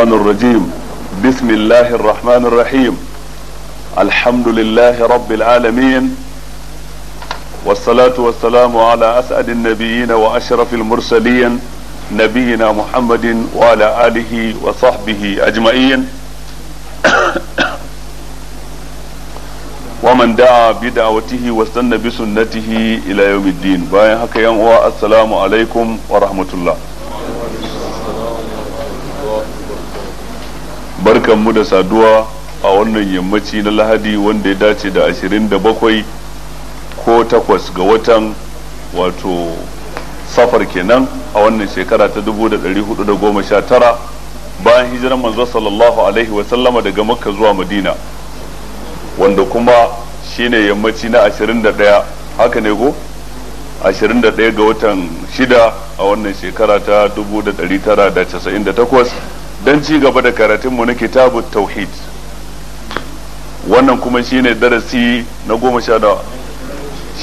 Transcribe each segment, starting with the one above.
الشيطان الرجيم بسم الله الرحمن الرحيم الحمد لله رب العالمين والصلاة والسلام على أسعد النبيين وأشرف المرسلين نبينا محمد وعلى آله وصحبه أجمعين ومن دعا بدعوته واستنى بسنته إلى يوم الدين باين حكيان السلام عليكم ورحمة الله barkanmu mu da saduwa a wannan yammaci na lahadi wanda ya dace da 27 ko 8 ga watan wato safar kenan a wannan shekara ta tara bayan hijirar manzo sallallahu alaihi wa sallama daga makka zuwa madina wanda kuma shine yammaci na 21 haka ne go 21 ga watan 6 a wannan shekara ta takwas. don ci gaba da karatunmu na kitabu tauhid wannan kuma shine darasi na goma sha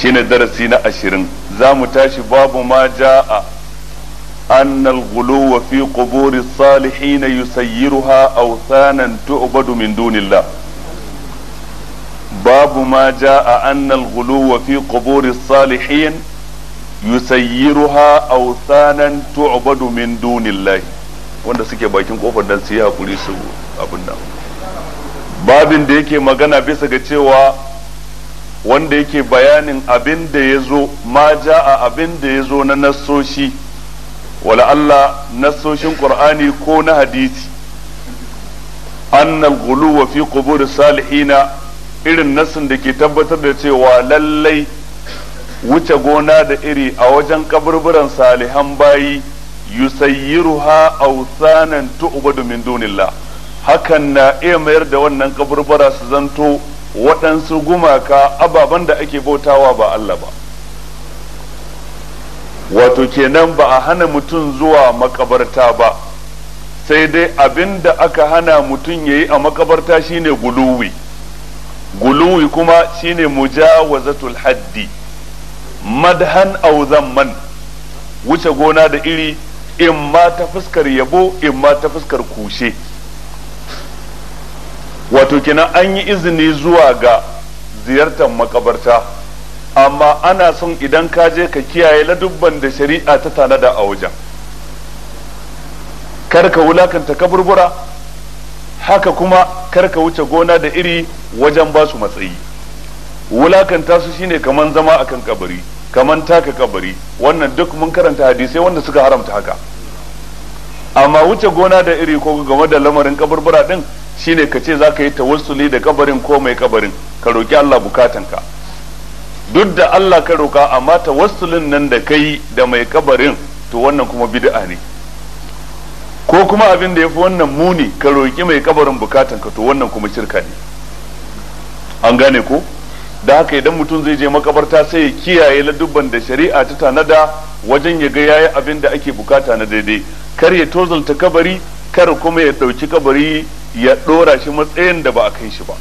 shine darasi na ashirin za mu tashi babu ma ja'a أن الغلو في قبور الصالحين يسيرها أوثانا تعبد من دون الله باب ما جاء أن الغلو في قبور الصالحين يسيرها أوثانا تعبد من دون الله wanda suke bakin kofar dan su yi hakuri su abin nan babin da yake magana bisa ga cewa wanda yake bayanin abin da ya zo ma a abin da ya zo na nasoshi, wala Allah nassoshin qur'ani ko na hadisi annal wa fi qubur salihina irin nassin da ke tabbatar da cewa lallai wuce gona da iri a wajen kaburburan salihan bayi yusayyiruha awsanan tu'badu min dunillah hakan na iya mayar da wannan kaburbara su zanto waɗansu gumaka ababen da ake bautawa ba Allah ba wato kenan ba a hana mutum zuwa makabarta ba sai dai abinda aka hana mutum ya yi a makabarta shine guluwi guluwi kuma shine mujawazatul haddi madhan aw zamman wuce gona da iri in ma ta fuskar yabo in ma ta fuskar kushe wato kenan an yi izini zuwa ga ziyartar makabarta amma ana son idan ka je ka kiyaye ladubban da shari'a ta tanada a wajen kar ka wulakanta kaburbura haka kuma karka wuce gona da iri wajen ba su matsayi wulakanta su shine kaman zama akan kabari kaman taka kabari wannan duk mun karanta hadisai wanda suka haramta haka amma wuce gona da iri ko game da lamarin kaburbura din shine ka ce ka yi tawassuli da kabarin ko mai kabarin ka roki Allah bukatanka duk da Allah ka roka amma tawassulin nan da kai da mai kabarin to wannan kuma bid'a ne ko kuma abin da yafi wannan muni ka roki mai kabarin bukatanka to wannan kuma shirka ne an gane ko da haka idan mutum zai je makabarta sai ya kiyaye ladubban da shari'a ta tanada wajen ya ga yayi abin da ake bukata na daidai kar ya tozalta kabari kar kuma ya ɗauki kabari ya ɗora shi matsayin da ba a kai shi ba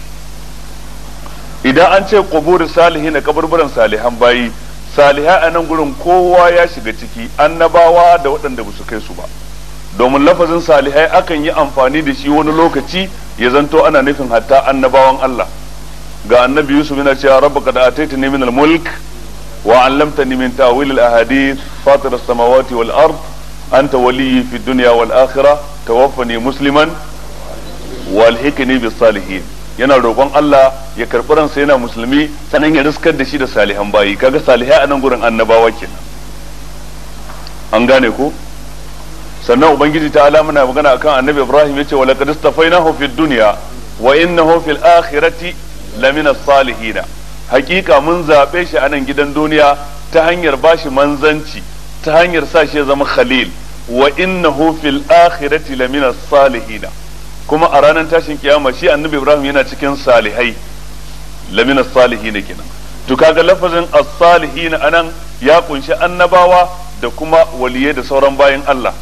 idan an ce kubur salihi na kaburburan salihan bayi saliha a nan gurin kowa ya shiga ciki annabawa da waɗanda ba su kai su ba domin lafazin salihai akan yi amfani da shi wani lokaci ya zanto ana nufin hatta annabawan Allah ga annabi Yusuf yana cewa rabbaka da ni min al-mulk wa 'allamtani min ta'wil al-ahadith fatir as-samawati wal ard anta waliyyi fid dunya wal akhirah tawaffani musliman walhikni yana roƙon Allah ya karɓi ransa yana musulmi sanan ya riskar da shi da salihan bayi kaga salihai a nan gurin annabawa kenan an gane ko sannan ubangiji ta ala muna magana akan annabi Ibrahim yace wa laqad istafainahu fid dunya wa innahu fil akhirati lamina salihina hakika mun zaɓe shi a nan gidan duniya ta hanyar bashi manzanci ta hanyar sa shi ya zama khalil wa innahu fil akhirati lamina salihina kuma a ranar tashin kiyama shi annabi ibrahim yana cikin salihai lamina salihina kenan to kaga lafazin as-salihina anan ya kunshi annabawa da kuma waliyai da sauran bayin Allah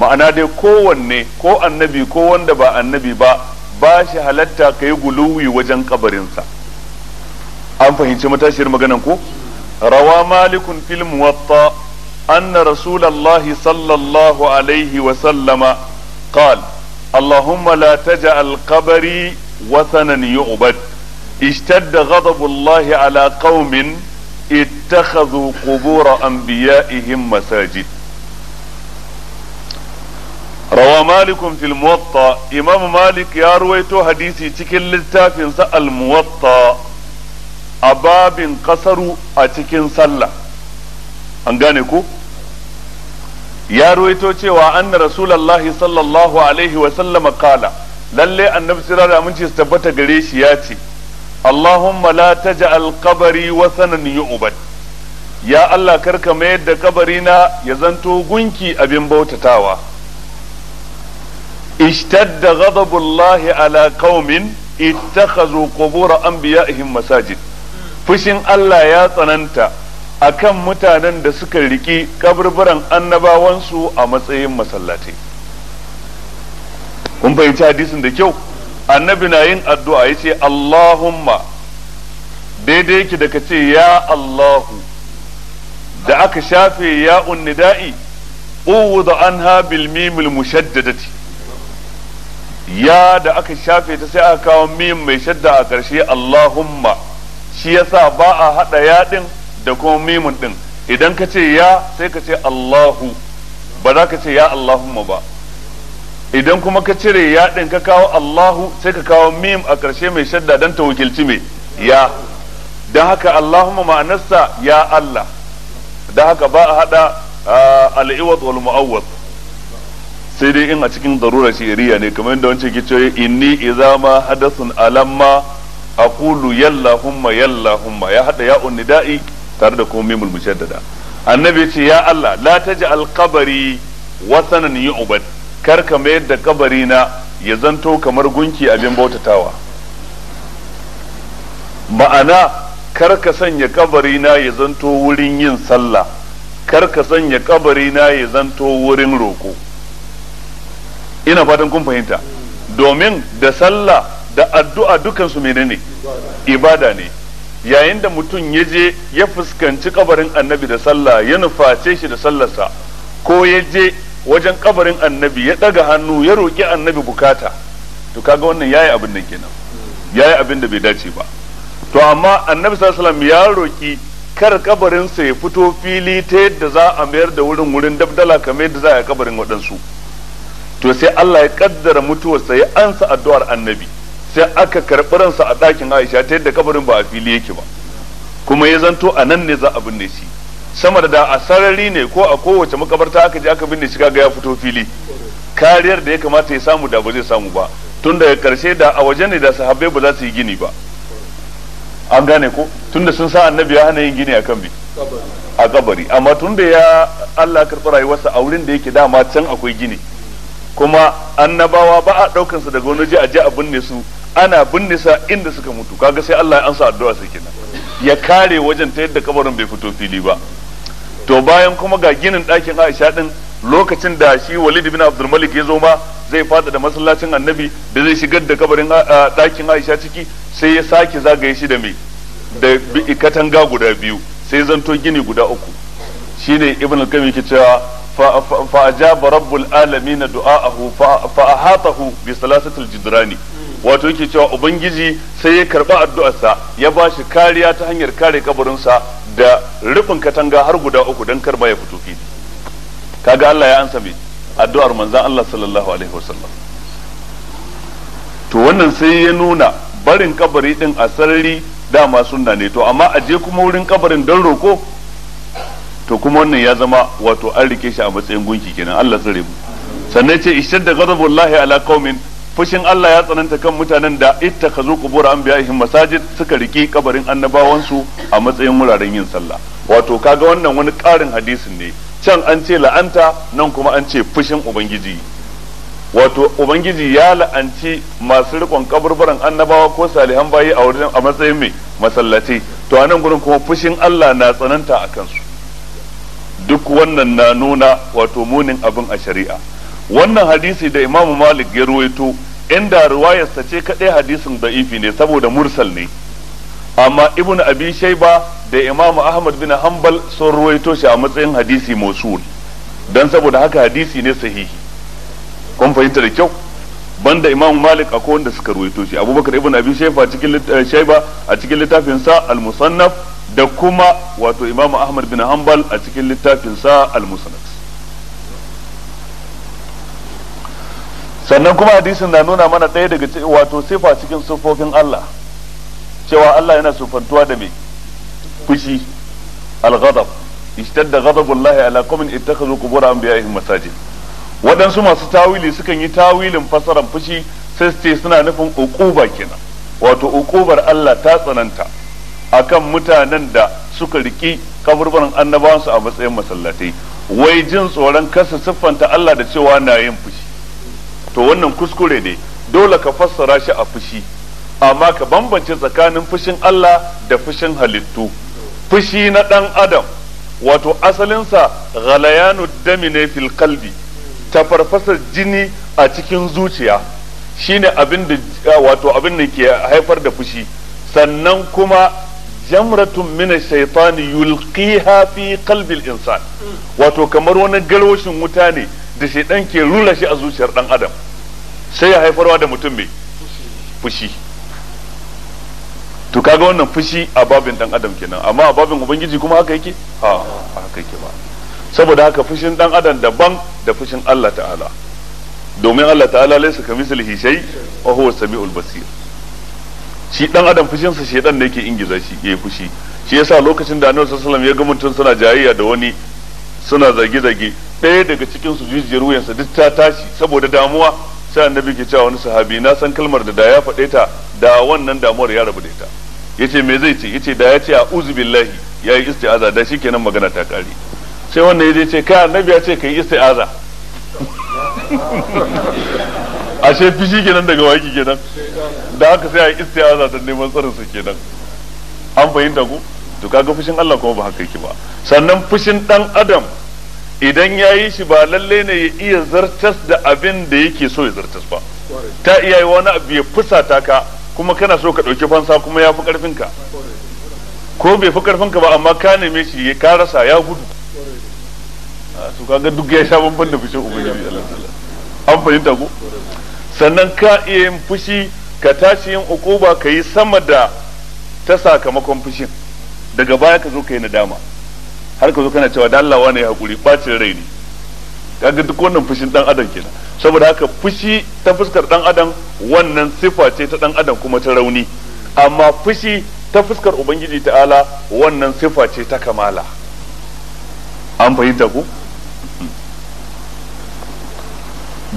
ma'ana dai kowanne ko annabi ko wanda ba annabi ba ba shi halatta ka yi guluwi wajen kabarinsa an fahimci matashiyar maganan ko rawa malikun fil muwatta أن رسول الله صلى الله عليه وسلم قال اللهم لا تجعل قبري وثنا يعبد اشتد غضب الله على قوم اتخذوا قبور أنبيائهم مساجد روى مالك في الموطأ إمام مالك يا رويتو حديثي تكن للتافن الموطأ أباب قصروا أتكن صلى أنقانكو ya ruwaito cewa anna rasulullahi sallallahu alaihi wa sallama kala lalle annabi sira da aminci su tabbata gare shi ya ce Allahumma la taj'al qabri wasanan yu'bad ya Allah karka mayar da na ya zanto gunki abin bautatawa ishtadda ghadabullahi ala qaumin ittakhazu qubur anbiya'ihim masajid fushin Allah ya tsananta akan mutanen da suka riƙi kaburburan annabawansu a matsayin masallatai kun fahimci hadisin da kyau annabi na yin addu'a ya ce Allahumma daidai ki da ka ce ya Allahu da aka shafe ya unnida'i uwuda anha bil mimil mushaddadati ya da aka shafe ta sai aka kawo mim mai shadda a ƙarshe Allahumma shi yasa ba a haɗa yaɗin da kuma mimun din idan ka ce ya sai ka ce Allahu ba za ka ce ya Allahumma ba idan kuma ka cire ya din ka kawo Allahu sai ka kawo mim a ƙarshe mai shadda don ta wakilci mai ya don haka Allahumma ma'anarsa ya Allah don haka ba a hada al'iwat wal sai dai in a cikin darura shi'iriya ne kamar yadda wancan ke cewa inni izama ma hadathun alamma aqulu yallahumma yallahumma ya hada ya'un nida'i tare da kuma mimul mushaddada annabi ce ya Allah la taj'al qabri wasanan yu'bad kar ka mayar da kabari na ya zanto kamar gunki abin bautatawa ma'ana kar ka sanya kabari na ya zanto wurin yin sallah kar ka sanya kabari na ya zanto wurin roko ina fatan kun fahimta domin da sallah da addu'a dukansu menene ibada ne yayin da mutum ya je ya fuskanci kabarin annabi da sallah ya nuface shi da sallarsa ko ya je wajen kabarin annabi ya daga hannu ya roƙi annabi bukata to kaga wannan yayi abin da kenan yayi abin da bai dace ba to amma annabi sallallahu ya roƙi kar kabarin sa ya fito fili ta yadda za a mayar da wurin wurin dabdala kamar yadda za a kabarin waɗansu to sai Allah ya kaddara mutuwarsa ya ansa addu'ar annabi sai aka karɓi ransa a ɗakin Aisha ta yadda kabarin ba a fili yake ba kuma ya zanto a nan ne za a binne shi sama da da a sarari ne ko a kowace makabarta aka je aka binne shi kaga ya fito fili kariyar da ya kamata ya samu da ba zai samu ba tun daga karshe da a waje ne da sahabbai ba za su yi gini ba an gane ko tun da sun sa annabi ya hana yin gini a kan bi a kabari amma tun da ya Allah karɓi rayuwarsa a wurin da yake dama can akwai gini kuma annabawa ba a ɗaukansa daga wani je a je a binne su ana binne sa inda suka mutu kaga sai Allah ya ansa addu'a sai kenan ya kare wajen ta yadda kabarin bai fito fili ba to bayan kuma ga ginin ɗakin Aisha din lokacin da shi Walid bin Abdul Malik ya zo ma zai fada da masallacin Annabi da zai shigar da kabarin ɗakin Aisha ciki sai ya sake zagaye shi da me da katanga guda biyu sai zanto gini guda uku shine Ibn al-Qayyim yake cewa fa ajaba rabbul alamin du'aahu fa ahatahu bi salasatil jidrani wato yake cewa ubangiji sai ya karba addu'arsa ya ba shi kariya ta hanyar kare kabarinsa da rufin katanga har guda uku don karba ya fito fili kaga Allah ya ansa mai addu'ar manzan Allah sallallahu alaihi wasallam to wannan sai ya nuna barin kabari din a sarari dama sunna ne to amma aje kuma wurin kabarin don roko to kuma wannan ya zama wato an rike shi a matsayin gunki kenan Allah tsare mu sannan ce ishtar da gazabullahi ala qaumin fushin Allah ya tsananta kan mutanen da ita ka ittakhazu an anbiya'ihim masajid suka riki kabarin annabawansu a matsayin wuraren yin sallah wato kaga wannan wani karin hadisin ne can an ce la'anta nan kuma an ce fushin ubangiji wato ubangiji ya la'anci masu rikon kaburburan annabawa ko salihan bayi a wurin a matsayin mai masallaci to a nan gurin kuma fushin Allah na tsananta a kansu duk wannan na nuna wato munin abin a shari'a wannan hadisi da imamu malik ya ruwaito inda riwayarsa ce kadai hadisin da'ifi ne saboda mursal ne amma ibn abi shayba da imam ahmad bin hanbal sun ruwaito shi a matsayin hadisi mosul dan saboda haka hadisi ne sahihi kun fahimta da kyau banda imam malik akwai wanda suka ruwaito shi abubakar ibn abi shayba cikin eh, shayba a cikin littafin sa al musannaf da kuma wato imam ahmad bin hanbal a cikin littafin sa al musannaf sannan kuma hadisin na nuna mana ɗaya daga wato sifa cikin sufofin Allah cewa Allah yana sufantuwa da mai fushi al-ghadab ishtadda ghadabullahi ala qaumin ittakhadhu biya anbiya'ihim masajid waɗansu masu tawili sukan yi tawilin fasaran fushi sai su ce suna nufin uquba kenan wato uqubar Allah ta tsananta akan mutanen da suka riki kaburburan annabawansu a matsayin masallatai wai jin tsoron kasa siffanta Allah da cewa na yin fushi to wannan kuskure ne dole ka fassara shi a fushi amma ka bambance tsakanin fushin Allah da fushin halittu fushi na dan adam wato asalinsa ghalayanu dami ne fil qalbi jini a cikin zuciya shine abin da wato abin da ke haifar da fushi sannan kuma jamratun min shaitan yulqiha fi al insan wato kamar wani galwashin wuta ne da shaidan ke rula shi a zuciyar dan adam sai ya haifarwa da mutum mai fushi to kaga wannan fushi a babin dan adam kenan amma a babin ubangiji kuma haka yake ha haka yake ba saboda haka fushin dan adam daban da fushin Allah ta'ala domin Allah ta'ala laysa mislihi shay wa huwa samiul basir shi dan adam fushin sa shedan ne yake ingiza shi yayi fushi shi yasa lokacin da Annabi sallallahu alaihi wasallam ya ga mutum suna jayayya da wani suna zage-zage ɗaya daga cikin su jijiyar wuyansa duk ta tashi saboda damuwa sai annabi ke cewa wani sahabi na san kalmar da da ya faɗe ta da wannan damuwar ya rabu da ita yace me zai ce yace da ya ce a uzu billahi yayi isti'aza da shikenan magana ta kare sai wannan yaje ce kai annabi ya ce kai isti'aza ashe fishi kenan daga waki kenan da haka sai a yi isti'aza ta neman tsarin su kenan an fahimta ku to kaga fushin Allah kuma ba haka yake ba sannan fushin dan adam idan ya yi shi ba lalle ne ya iya zartas da abin da yake so ya zartas ba ta iya yi wani abu ya fusata ka kuma kana so ka ɗauki fansa kuma ya fi ƙarfinka ko bai fi ƙarfinka ba amma ka neme shi ya ka rasa ya gudu su kaga duk ya sha bamban da fushin ubangiji an fahimta ko sannan ka iya yin fushi ka tashi yin ukuba ka yi sama da ta sakamakon fushin daga baya ka zo ka yi nadama har ka zo kana cewa da Allah wani hakuri bacin rai ne kaga duk wannan fushin dan adam kenan saboda haka fushi ta fuskar dan adam wannan sifa ce ta dan adam kuma ta rauni amma fushi ta fuskar ubangiji ta'ala wannan sifa ce ta kamala an fahimta ku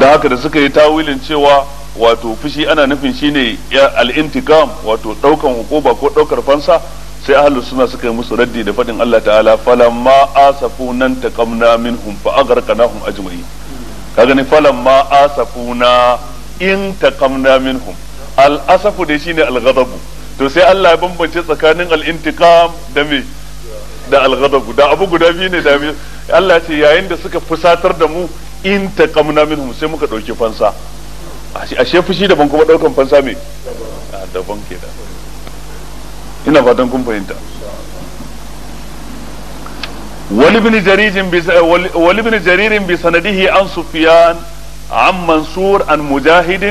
da haka da suka yi tawilin cewa wato fushi ana nufin shine al intiqam wato daukan hukuba ko daukar fansa sai ahlus suna suka yi musu raddi da fadin Allah ta'ala falamma asafuna taqamna minhum fa aghraqnahum ajma'in kaga ne falamma asafuna in taqamna minhum al asafu dai shine al ghadabu to sai Allah ya bambance tsakanin al intiqam da me da al ghadabu da abu guda biyu ne da Allah ya ce yayin da suka fusatar da mu in taqamna minhum sai muka dauki fansa ashe fushi daban kuma daukan fansa me daban ah, kenan ina fatan kun fahimta wal ibn jarir bi bi sanadihi an sufyan an mansur an mujahid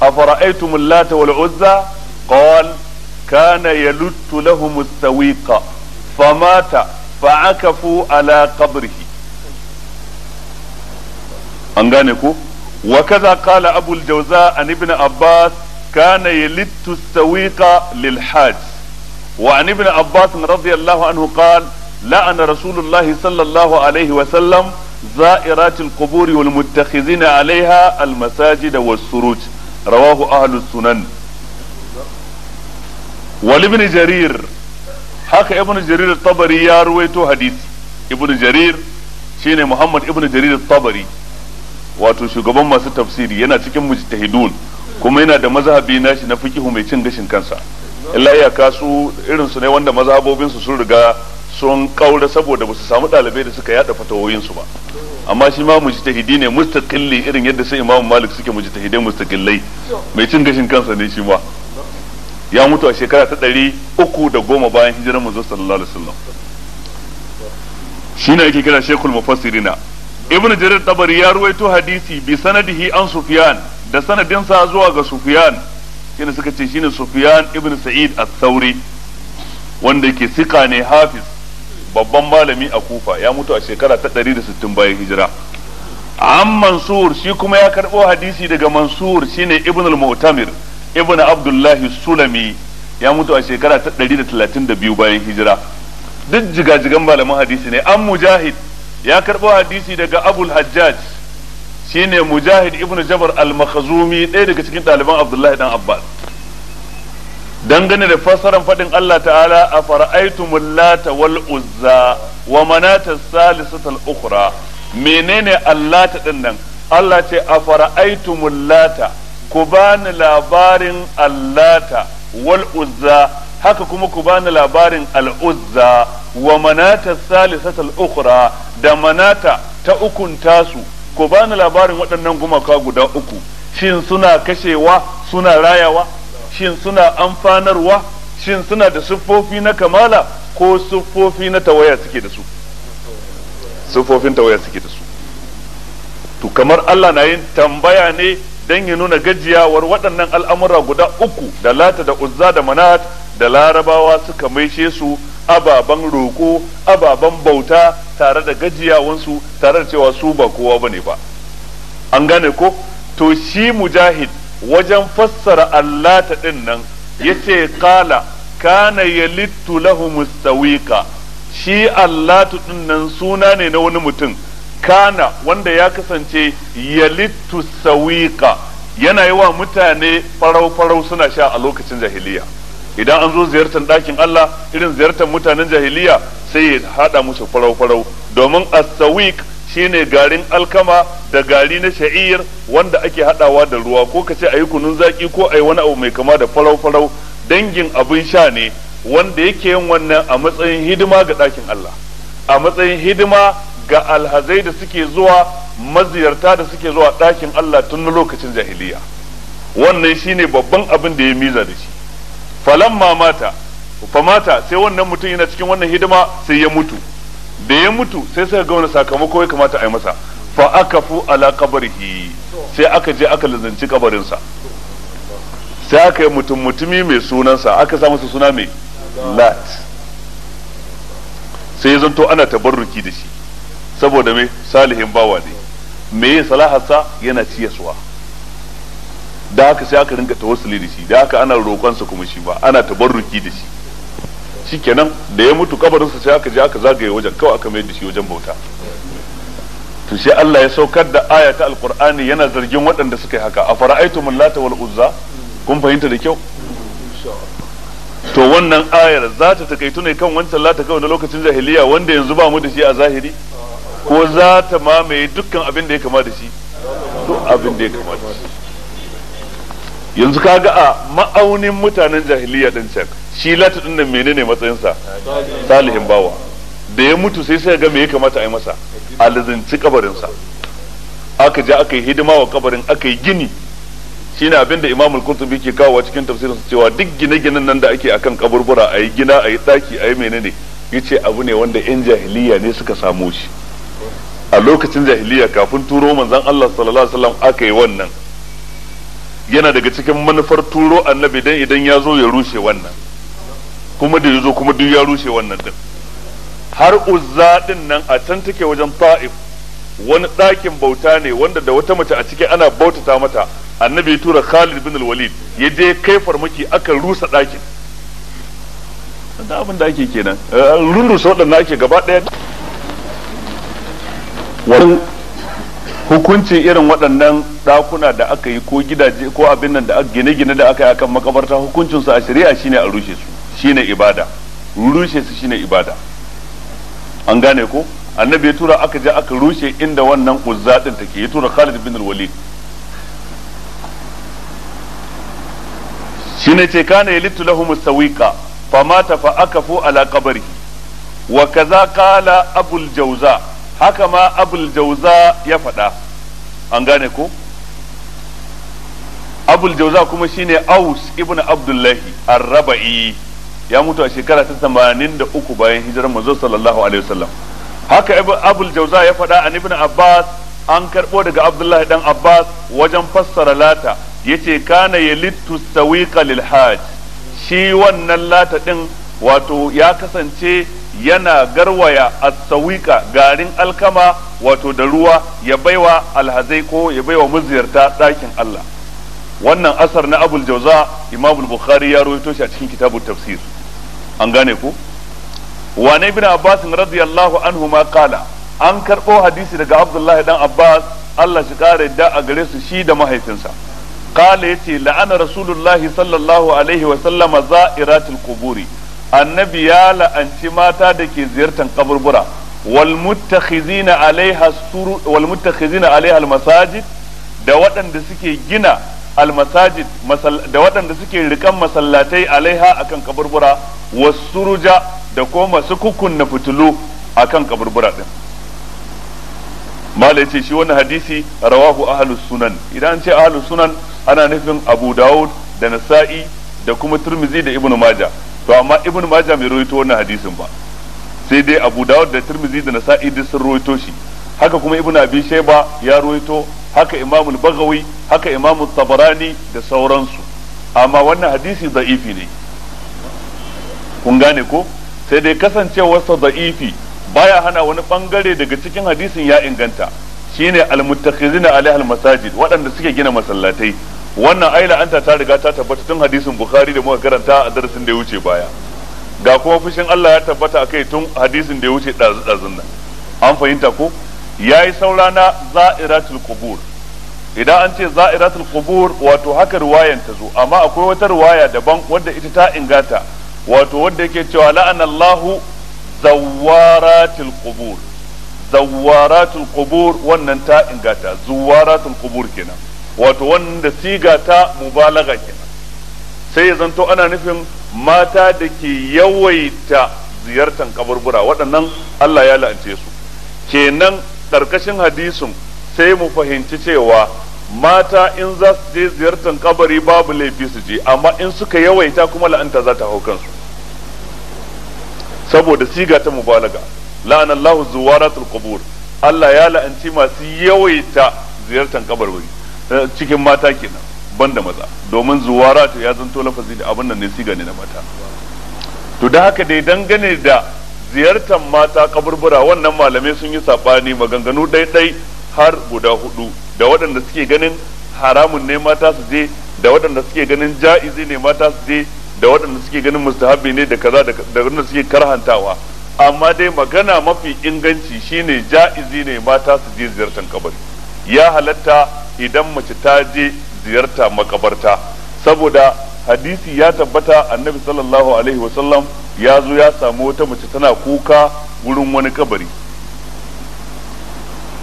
afara'aytum allat wal uzza qala kana yaluttu lahum as-sawiqa famata fa'akafu ala qabrihi an gane ku wa kaza qala abu al-jawza an ibn abbas kana yalittu as-sawiqa وعن ابن عباس رضي الله عنه قال لعن رسول الله صلى الله عليه وسلم زائرات القبور والمتخذين عليها المساجد والسروج رواه أهل السنن ولابن جرير haka ibnu jarir tabari ya ruwaito hadisi ibnu jarir shine muhammad ibnu jarir tabari wato shugaban masu tafsiri yana cikin mujtahidun kuma yana da mazhabi shi na fiqihu mai cin gashin kansa illa ya su irin su ne wanda mazhabobin su sun riga sun kaura saboda basu samu dalibai da suka yada fatawoyin su ba amma shi ma mujtahidi ne mustaqilli irin yadda sai imamu malik suke mujtahidai mustaqillai mai cin gashin kansa ne shi ma ya mutu a shekara ta ɗari uku da goma bayan hijirar manzo sallallahu alaihi wasallam shine yake kira shekul mufassirina ibn jarir tabari ya ruwaito hadisi bi sanadihi an sufyan da sanadin sa zuwa ga sufyan shine suka ce shine Sufyan ibn Sa'id al-Thawri wanda yake sika ne Hafiz babban malami a Kufa ya mutu a shekara ta 160 bayan hijira an Mansur shi kuma ya karbo hadisi daga Mansur shine Ibn al-Mu'tamir Ibn Abdullah sulami ya mutu a shekara ta 132 bayan hijira duk jigajigan malaman hadisi ne an Mujahid ya karbo hadisi daga Abul Hajjaj shine mujahid ibnu jabar al-makhzumi ɗaya daga cikin ɗaliban abdullahi dan abbas dangane da fassarar faɗin Allah ta'ala a fara'aitumul mullata wal uzza wa manata salisatal ukhra menene allata din nan Allah ce a fara'aitumul lata ku bani labarin allata wal uzza haka kuma ku bani labarin al-uzza wa manata salisatal ukhra da manata ta ukun tasu ku bani labarin waɗannan gumaka guda uku shin suna kashewa suna rayawa shin suna amfanarwa shin suna da siffofi na kamala ko siffofi na tawaya suke da su siffofin tawaya suke da su to kamar Allah na yin tambaya ne dan ya nuna gajiyawar waɗannan al'amura guda uku da lata da uzza da manat da larabawa suka maishe su ababen roƙo ababen bauta tare da gajiyawansu tare da cewa su ba kowa ba ne ba an gane ko to shi mujahid wajen fassara allata ɗin nan ya ce kala kana littu lahu mustawika shi allatu ɗin nan suna ne na wani mutum kana wanda ya kasance yalittusawika. sawika yana yi wa mutane farau-farau suna sha a lokacin jahiliya idan an zo ziyartar ɗakin Allah irin ziyartar mutanen jahiliya sai ya haɗa musu farau-farau domin as-sawiq shine garin alkama da gari na sha'ir wanda ake haɗawa da ruwa ko ka ce ayi kunun zaki ko ayi wani abu mai kama da farau-farau dangin abin sha ne wanda yake yin wannan a matsayin hidima ga ɗakin Allah a matsayin hidima ga alhazai da suke zuwa maziyarta da suke zuwa ɗakin Allah tun lokacin jahiliya wannan shine babban abin da ya miza da shi falamma mata fa mata sai wannan mutum yana cikin wannan hidima sai ya mutu da ya mutu sai suka ga wani sakamako ya kamata a yi masa fa aka fu ala kabarihi sai aka je aka lazanci kabarinsa sai aka yi mutum mutumi mai sunansa aka sa masa suna mai lat sai ya zanto ana tabarruki da shi saboda mai salihin bawa ne me yin salahasa yana ciyaswa da haka sai aka rinka tawassuli da shi da haka ana roƙonsa kuma shi ba ana tabarruki da shi shikenan da ya mutu kabarinsa sai aka je aka zagaye wajen kawai aka mayar da shi wajen bauta to sai Allah ya saukar da aya ta alqur'ani yana zargin waɗanda suka yi haka a fara'aitum lata wal uzza kun fahimta da kyau to wannan ayar za ta takaitu ne kan wancan lata kawai na lokacin jahiliya wanda yanzu ba mu da shi a zahiri ko za ta mamaye dukkan abin da ya kama da shi duk abin da ya kama da shi yanzu ka ga a ma'aunin mutanen jahiliya din can shi lata din nan menene matsayinsa salihin bawa da ya mutu sai sai ga me ya kamata a yi masa alazinci kabarinsa aka je aka yi hidima wa kabarin aka yi gini shine abin da imamul qurtubi ke kawo cikin tafsirinsa cewa duk gine-ginen nan da ake akan kaburbura a yi gina a yi daki a yi menene yace abu ne wanda yan jahiliya ne suka samo shi a lokacin jahiliya kafin turo manzon Allah sallallahu alaihi wasallam aka yi wannan yana daga cikin manufar turo annabi dan idan ya zo ya rushe wannan kuma da ya zo kuma duk ya rushe wannan din har uzza din nan a can take wajen ta'if wani ɗakin bauta ne wanda da wata mace a ciki ana bautata mata annabi ya tura khalid bin walid ya je kai farmaki aka rusa ɗakin da abin da ake kenan eh, sau waɗanda ake gaba ɗaya hukunci irin waɗannan ɗakuna da aka yi ko gidaje ko abin nan da gine-gine da aka yi akan makabarta su a shari'a shine a rushe su shine ibada rushe su shine ibada an gane ko annabi ya tura aka je aka rushe inda wannan uzza din take ya tura Khalid bin Walid shine ce kana yalitu lahum sawiqa famata fa akafu ala qabri wa kaza qala abul jawza haka ma abul jauza ya faɗa an gane ko abul jauza kuma shine aus ibn abdullahi arraba'i ya mutu a shekara ta tamanin da uku bayan hijirar manzo sallallahu alaihi wasallam haka abul jauza ya faɗa an ibn abbas an karbo daga abdullahi dan abbas wajen fassara lata yace kana yalittu sawiqa lil hajj shi wannan lata din wato ya kasance yana garwaya sawika garin alkama wato da ruwa ya baiwa alhazai ko ya baiwa muziyarta ɗakin Allah wannan asar na abul jauza imam bukhari ya rawaito shi a cikin kitabun tafsir an gane ko wane bin abbas radiyallahu anhu ma kala an karɓo hadisi daga abdullahi dan abbas Allah shi kare da a gare su shi da mahaifinsa kala yace la'ana rasulullahi sallallahu alaihi wa sallama za'iratul quburi annabi ya la'anci mata da ke ziyartar kaburbura wal alaiha al da waɗanda suke gina al da waɗanda suke rikan masallatai alaiha akan kaburbura wasuruja da ko masu kukunna fitulu akan kaburbura din mala ce shi wani hadisi rawahu ahlus sunan idan an ce ahlus sunan ana nufin abu dawud da nasa'i da kuma turmizi da ibnu maja. to amma ibn majah mai rawaito wannan hadisin ba sai dai abu dawud da tirmidhi da nasa'i duk sun rawaito shi haka kuma ibn abi shayba ya rawaito haka imam al-baghawi haka imam tabarani da sauransu amma wannan hadisi da'ifi ne kun gane ko sai dai kasancewarsa da'ifi baya hana wani bangare daga cikin hadisin ya inganta shine al-muttakhizina alaihi al-masajid waɗanda suke gina masallatai wannan aila an ta riga ta tabbata tun hadisin bukhari da muka karanta a darasin da ya wuce baya ga kuma fushin Allah ya tabbata kai tun hadisin da ya wuce ɗazun nan an fahimta ko yayi yi saurana za'iratul qubur idan an ce za'iratul qubur wato haka ruwayan ta zo amma akwai wata ruwaya daban wadda ita ta ingata wato wadda yake cewa la'anallahu zawaratul qubur zawaratul qubur wannan ta ingata zawaratul qubur kenan wato wanda siga ta mubalaga kenan sai ya zanto ana nufin mata da ke yawaita ziyartan kaburbura waɗannan Allah ya la'ance su kenan ƙarƙashin hadisin sai mu fahimci cewa mata in za su je ziyartar kabari babu laifi su je amma in suka yawaita kuma la'anta za ta hau kansu saboda siga ta mubalaga la'anallahu Allahu zuwaratul qubur Allah ya la'anci masu yawaita ziyartar kabari Eh, cikin mata kenan ban da maza domin zuwara ta ya zanto lafazi da abin nan ne siga ne na mata to da haka dai dangane da ziyartar mata kaburbura wannan malamai sun yi sabani maganganu ɗai-ɗai har guda hudu da waɗanda suke ganin haramun ne mata su je da waɗanda suke ganin ja'izi ne mata su je da waɗanda suke ganin mustahabi ne da kaza da waɗanda suke karhantawa amma dai magana mafi inganci shine ja'izi ne mata su je ziyartar kabari ya halatta idan mace ta je ziyarta makabarta saboda hadisi ya tabbata annabi sallallahu alaihi wasallam ya zo ya samu wata mace tana kuka wurin wani kabari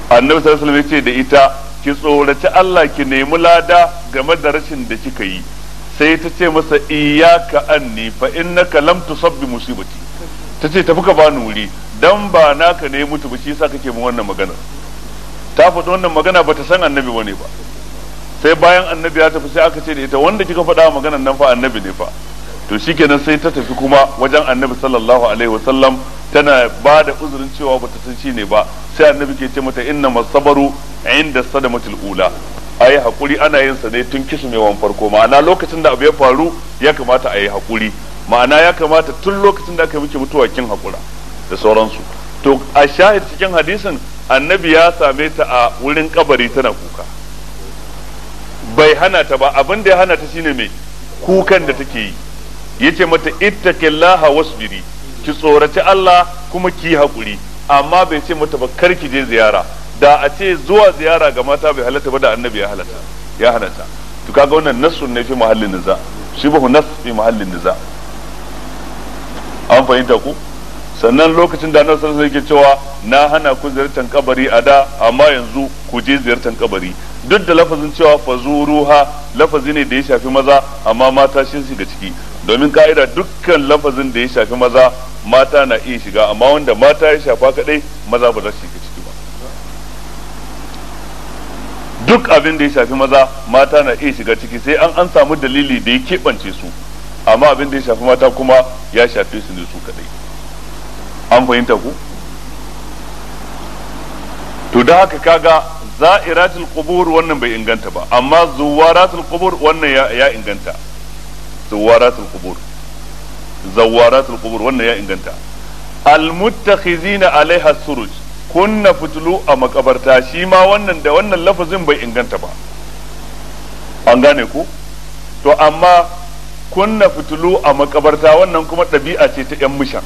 annabi sallallahu alaihi wasallam ya ce da ita ki tsoraci Allah ki nemi lada game da rashin da kika yi sai ta ce masa iyyaka anni fa innaka lam tusabbi musibati ta ce tafi ka bani wuri dan ba naka ne mutu ba shi yasa kake mu wannan maganar ta faɗi wannan magana ba ta san annabi wani ba sai bayan annabi ya tafi sai aka ce da ita wanda kika faɗa magana nan fa annabi ne fa to shikenan sai ta tafi kuma wajen annabi sallallahu alaihi wasallam tana ba da uzurin cewa ba ta san shi ne ba sai annabi ke ce mata inna masabaru inda sadamatul ula ayi hakuri ana yin sa ne tun kismewan farko ma'ana lokacin da abu ya faru ya kamata a yi hakuri ma'ana ya kamata tun lokacin da aka miki mutuwa kin hakura da sauransu to a shahid cikin hadisin annabi ya same ta a wurin kabari tana kuka bai hana ta ba abin da ya hana ta shine mai kukan da take yi yace mata ittaqillaha wasbiri ki tsoraci Allah kuma ki hakuri amma bai ce mata ba kar ki je ziyara da a ce zuwa ziyara ga mata bai halatta ba da annabi ya halatta ya halatta to kaga wannan nasu ne fi muhallin niza shi ba nas fi muhallin niza an fahimta ku sannan lokacin da na sallallahu alaihi yake cewa na hana ku ziyartar kabari a da amma yanzu ku je ziyartar kabari duk da lafazin cewa fazuruha lafazi ne da ya shafi maza amma mata shi shiga ciki domin ka'ida dukkan lafazin da ya shafi maza mata na iya shiga amma wanda mata ya shafa kadai maza ba za su shiga ciki ba duk abin da ya shafi maza mata na iya shiga ciki sai an an samu dalili da ya keɓance su amma abin da ya shafi mata kuma ya shafe su ne su kadai an fahimta ku to da haka kaga za'iratul qubur wannan bai inganta ba amma zuwaratul qubur wannan ya inganta zuwaratul qubur zawaratul qubur wannan ya inganta al almuttakhizina alaiha suruj kunna fitulu a makabarta shi ma wannan da wannan lafazin bai inganta ba an gane ku to amma kunna fitulu a makabarta wannan kuma ɗabi'a ce ta 'yan mishan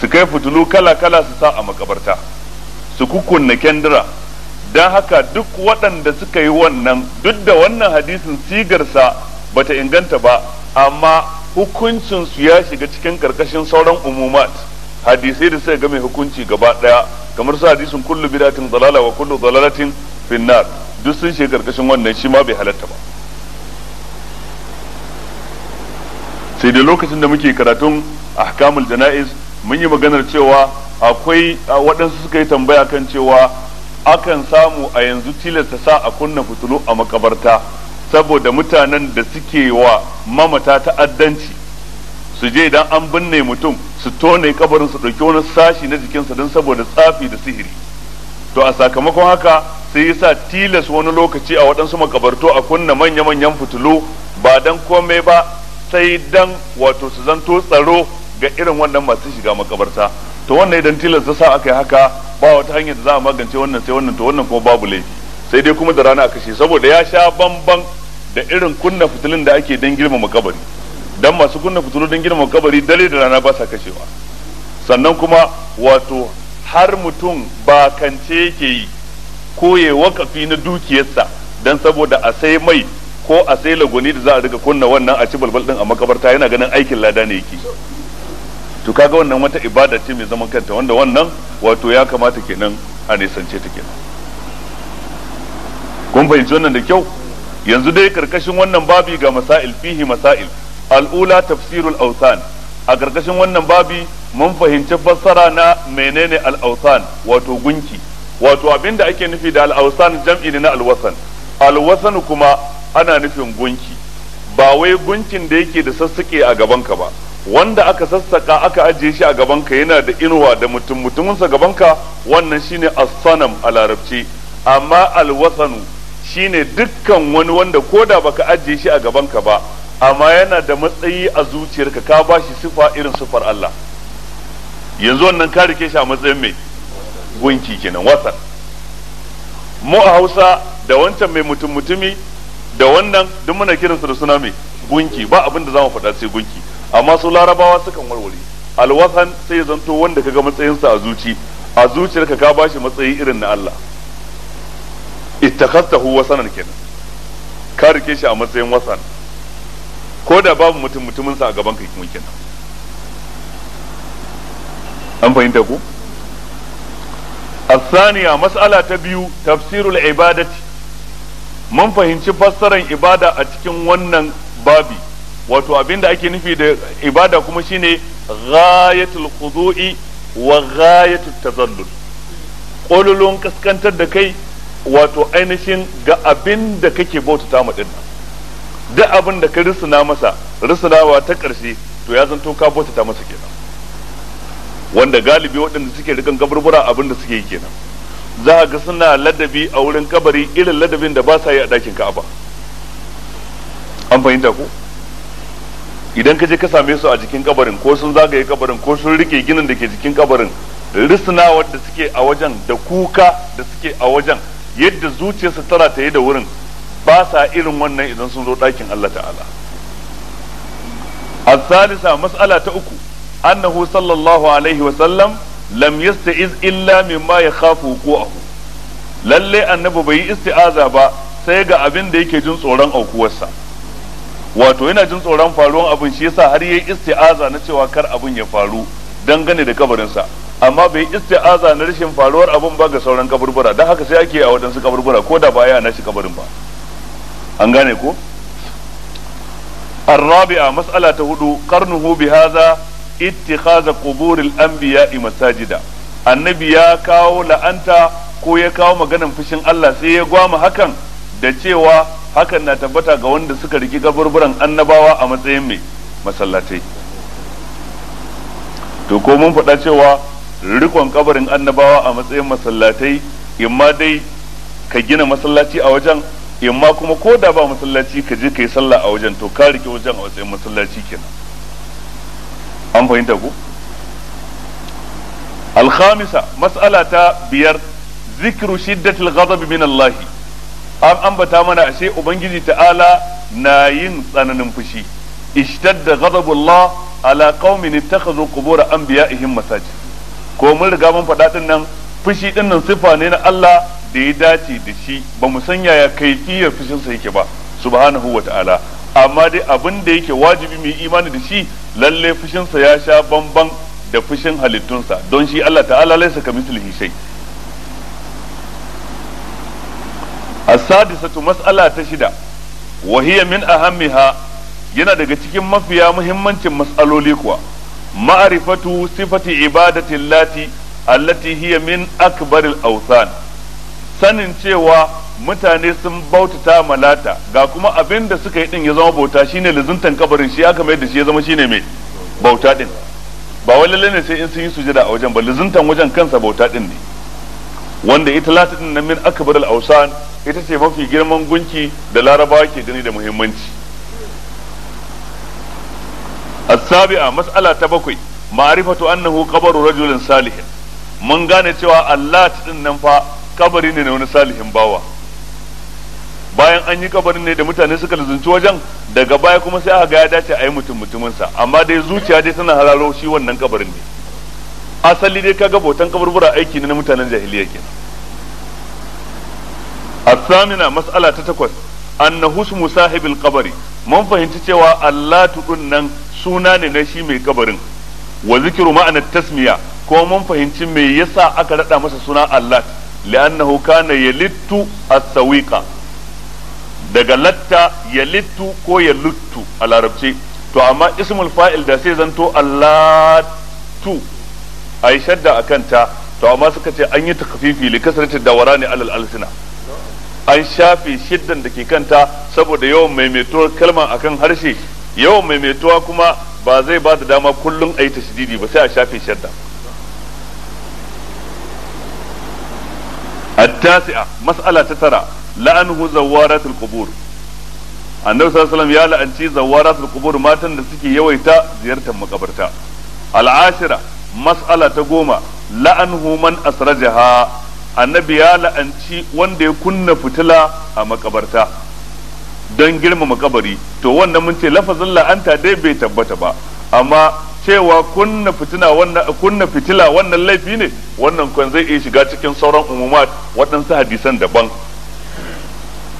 su kai fitilu kala-kala su sa a makabarta su kukunna kendira don haka duk waɗanda suka yi wannan duk da wannan hadisin sigarsa bata inganta ba amma hukuncinsu ya shiga cikin karkashin sauran umumat hadisai da suka game hukunci gaba ɗaya kamar su hadisin kullu bidatin zalala wa kullu zalalatin finnar duk sun shiga karkashin wannan shi ma bai halatta ba sai da lokacin da muke karatun ahkamul jana'iz mun yi maganar cewa akwai waɗansu suka yi tambaya kan cewa akan samu a yanzu tilasta sa a kunna fitilu a makabarta saboda mutanen da suke wa mamata ta'addanci su je idan an binne mutum su tone kabarin su ɗauki wani sashi na jikinsa don saboda tsafi da sihiri to a sakamakon haka sai ya sa tilas wani lokaci a waɗansu makabarto a kunna manya-manyan fitilu ba don komai ba sai dan wato su zanto tsaro ga irin wannan masu shiga makabarta to wannan idan tilasta sa aka yi haka ba wata hanyar da za a magance wannan sai wannan to wannan kuma babu laifi sai dai kuma da rana a kashe saboda ya sha bamban da irin kunna fitilun da ake don girmama kabari dan masu kunna fitilu don girma kabari dare da rana ba sa kashewa sannan kuma wato har mutum ba kance yake yi ko ya wakafi na dukiyarsa dan saboda a sai mai ko a sai lagoni da za a riga kunna wannan a ci balbal din a makabarta yana ganin aikin lada ne yake to kaga wannan wata ibada ce mai zaman kanta wanda wannan wato ya kamata kenan a nisance ta kenan kun fahimci wannan da kyau yanzu dai karkashin wannan babi ga masail fihi masail al'ula tafsirul awsan a karkashin wannan babi mun fahimci fassara na menene al'ausan wato gunki wato abinda ake nufi da al'ausan jam'i ne na alwasan alwasan kuma ana nufin gunki ba wai gunkin da yake da sassuke a gaban ka ba wanda aka sassaka aka ajiye shi a gabanka yana da inuwa da mutum gabanka wannan shine as-sanam a larabci amma al-wasanu shine dukkan wani wanda koda baka ajiye shi a gabanka ba amma yana da matsayi a zuciyarka ka ba shi sifa irin sifar Allah yanzu wannan ka rike shi a matsayin mai gunki kenan wasan mu a Hausa da wancan mai mutum mutumi da wannan duk muna kiransa da suna mai gunki ba abin da zamu faɗa sai gunki amma su larabawa sukan warware alwasan sai zanto wanda kaga matsayinsa a zuci a zuciyarka ka bashi matsayi irin na Allah ittakhadtahu wasanan kenan ka rike shi a matsayin wasan ko da babu mutum mutumin sa a gaban ka kuma kenan an fahimta ku الثانية مسألة تبيو تفسير العبادة mun fahimci fassarar ibada a cikin wannan babi wato abin da ake nufi da ibada kuma shine ghayatul khudu'i wa ghayatul tazallul kololon kaskantar da kai wato ainihin ga abin da kake bautata ma dinnan duk abin da ka risuna masa risunawa ta karshe to ya zanto ka bautata masa kenan wanda galibi waɗanda suke rikan gaburbura abin da suke yi kenan za a ga suna ladabi a wurin kabari irin ladabin da ba sa yi a ɗakin ka'aba an fahimta ko idan ka je ka same su a jikin kabarin ko sun zagaye kabarin ko sun rike ginin da ke jikin kabarin risunawar da suke a wajen da kuka da suke a wajen yadda zuciyarsa tara ta yi da wurin ba sa irin wannan idan sun zo ɗakin Allah ta'ala mas'ala ta uku annahu sallallahu alaihi wa sallam lam yasta'iz illa mimma yakhafu مما lalle annabi bai أنه ba sai ga abin da yake jin tsoron أو كوسا wato yana jin tsoron faruwan abin shi yasa har yayi isti'aza na cewa kar abin ya faru dangane da kabarinsa amma bai isti'aza na rashin faruwar abin ba ga sauran kaburbura don haka sai ake a waɗansu kaburbura ko da baya na shi kabarin ba an gane ko الرابعة مسألة هدو قرنه بهذا اتخاذ قبور الأنبياء مساجدا annabi ya kawo la'anta ko ya kawo maganan fushin Allah sai ya gwama hakan da cewa hakan na tabbata ga wanda suka riki kaburburan annabawa a matsayin mai masallatai to ko mun faɗa cewa rikon kabarin annabawa a matsayin masallatai imma dai ka gina masallaci a wajen imma kuma ko da ba masallaci ka je ka yi sallah a wajen to ka rike wajen a matsayin masallaci kenan an fahimta ku alhamisa mas'ala ta biyar zikiru shiddatil ghadab min Allah an ambata mana ashe ubangiji ta'ala na yin tsananin fushi ishtadda ghadabullah ala qaumin ittakhadhu qubur anbiya'ihim masajid ko mun riga mun faɗa din nan fushi din nan sifa ne na Allah da ya dace da shi ba mu san yaya tiyar fushin sa yake ba subhanahu wa ta'ala amma dai abin da yake wajibi mu imani da shi lalle fushin sa ya sha bamban da fushin halittunsa don shi Allah ta'ala laisa kamithlihi shay' asadisatu sadisatu mas'ala ta shida wa hiya min ahammiha yana daga cikin mafiya muhimmancin mas'aloli kuwa ma'arifatu sifati ibadati lati allati hiya min akbaril awthan sanin cewa mutane sun bautata malata ga kuma abin da suka yi din ya zama bauta shine lizuntan kabarin shi aka mai da shi ya zama shine mai bauta din ba wai lalle ne sai in sun yi sujada a wajen ba lizuntan wajen kansa bauta din ne wanda ita latin na min akbar al-awsan ita ce mafi girman gunki da laraba ke gani da muhimmanci as-sabi'a mas'ala ta bakwai ma'rifatu annahu qabru rajulin salihin mun gane cewa Allah din nan fa kabari ne na wani salihin bawa bayan an yi kabarin ne da mutane suka luzunci wajen daga baya kuma sai aka ga ya dace a yi mutum mutuminsa amma dai zuciya dai tana hararo shi wannan kabarin ne asali dai kaga bautan kaburbura aiki ne na mutanen jahiliya ke asamina mas'ala ta takwas anna husmu sahibil qabri mun fahimci cewa allatu tudun nan suna ne na shi mai kabarin wa zikiru ma'ana tasmiya ko mun fahimci me yasa aka rada masa suna allah li'annahu kana yalittu as-sawiqa daga latta yalittu ko yaluttu a larabci to amma ismul fa'il da sai zanto allatu a yi shadda a kanta to amma suka ce an yi takfifi li kasratin dawara ne alal alsina an shafe shiddan da ke kanta saboda yawan maimaituwar kalma akan harshe yawan maimaituwa kuma ba zai ba da dama kullum a yi ta shididi ba sai a shafe shadda attasi'a mas'ala ta tara زوارات القبور النبي صلى الله عليه وسلم ya la'anci زوارات القبور matan da suke yawaita ziyartar makabarta al'ashira. mas'ala ta goma la'anhu man asrajaha annabi ya la'anci wanda ya kunna fitila a makabarta don girmama kabari to wannan mun ce lafazin la'anta dai bai tabbata ba amma cewa kunna fitina wannan fitila wannan laifi ne wannan kun zai iya shiga cikin sauran umumat waɗansu hadisan daban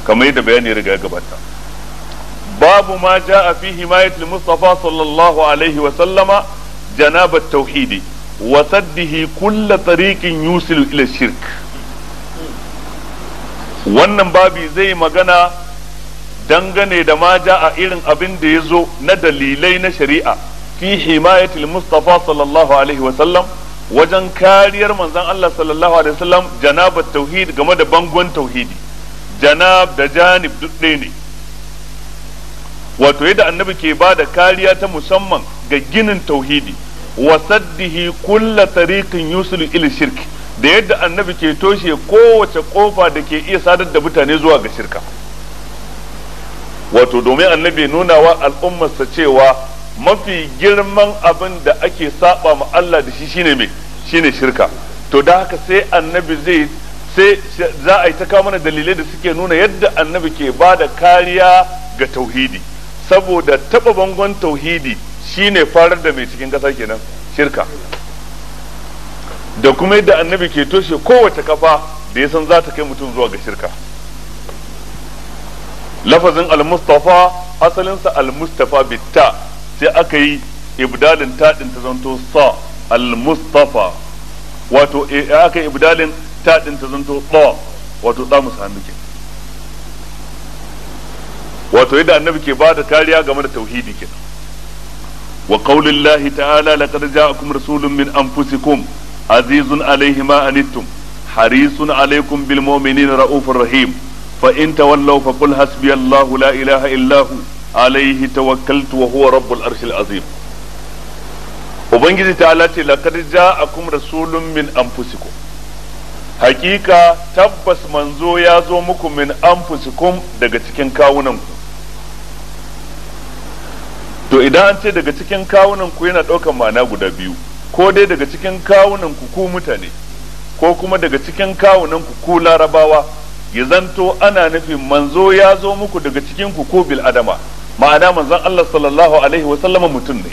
kamar yadda bayani riga gabata babu ma ja'a fi himayatul mustafa sallallahu alaihi wa sallama Janabar tauhidi wa saddihi kulla tariqin yusilu ila shirk wannan babi zai magana dangane da ma a irin abin da ya zo na dalilai na shari'a fi himayatil mustafa sallallahu alaihi wa sallam wajen kariyar manzon Allah sallallahu alaihi wa sallam tauhid game da bangon tauhidi janab da janib duk ɗaya ne wato yadda annabi ke ba da kariya ta musamman ga ginin tauhidi wa saddihi kulla tariqin yusul ila shirk da yadda annabi ke toshe kowace kofa da ke iya sadar da mutane zuwa ga shirka wato domin annabi nuna wa al'ummarsa cewa mafi girman abin da ake saba ma Allah da shi shine me shine shirka to da haka sai annabi zai sai za a yi ta kawo mana dalilai da suke nuna yadda annabi ke bada kariya ga tauhidi saboda taba bangon tauhidi Shi ne farar da mai cikin kasa kenan shirka da kuma yadda annabi ke toshe kowace kafa da ya san za ta kai mutum zuwa ga shirka lafazin al-mustafa asalinsa al-mustafa bitta sai aka yi ibdalin taɗin ta zanto sa al-mustafa wato eh, eh, aka yi ibdalin taɗin ta zanto ɗa wato ɗa musamman wato yadda annabi ke ba da kariya game da tauhidi kenan wa qaulillahi ta'ala laqad ja'akum rasulun min anfusikum azizun alayhi ma anittum harisun alaykum bil mu'minina rahim fa in tawallaw fa qul hasbiyallahu la ilaha illa hu alayhi tawakkaltu wa huwa rabbul arshil azim ubangiji ta'ala ce laqad ja'akum rasulun min anfusikum hakika tabbas manzo ya zo muku min daga cikin kawunanku to idan an ce daga cikin kawunan ku yana ɗaukan ma'ana guda biyu ko dai daga cikin kawunan ku ku mutane ko kuma daga cikin kawunan ku ku larabawa ya zanto ana nufin manzo ya zo muku daga cikin ku ko bil adama ma'ana manzon Allah sallallahu alaihi wa sallama mutum ne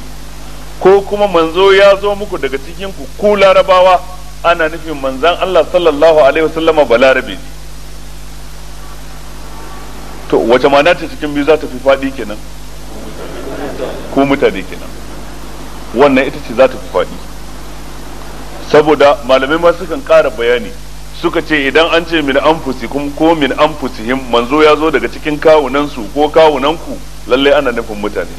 ko kuma manzo ya zo muku daga cikin ku ku larabawa ana nufin manzon Allah sallallahu alaihi wa sallama balarabe to wace ma'ana ta cikin biyu za ta fi faɗi kenan ko mutane kenan wannan ita ce za ta fi faɗi saboda malamai ma sukan ƙara bayani suka ce idan an ce min anfusikum ko min anfusihim manzo ya zo daga cikin kawunansu ko kawunanku lalle ana nufin mutane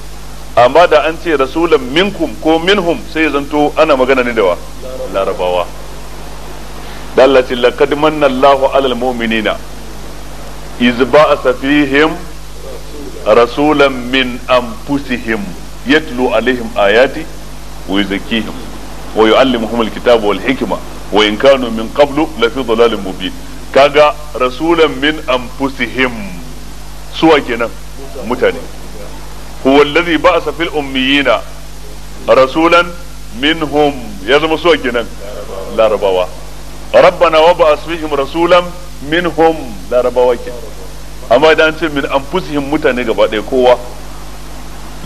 amma da an ce rasulan minkum ko minhum sai ya zanto ana magana ne da wa larabawa dallati laqad manna Allahu alal mu'minina iz a fihim rasulan min anfusihim yatlu alaihim ayati wa yuzakkihim wa yuallimuhum alkitaba wal hikma wa in kanu min qablu la fi dhalalin mubin kaga rasulan min anfusihim suwa kenan mutane huwa alladhi ba'asa fil ummiyina rasulan minhum ya zama suwa kenan larabawa rabbana wa ba'as rasulan larabawa amma idan ce min anfusihim mutane gaba ɗaya kowa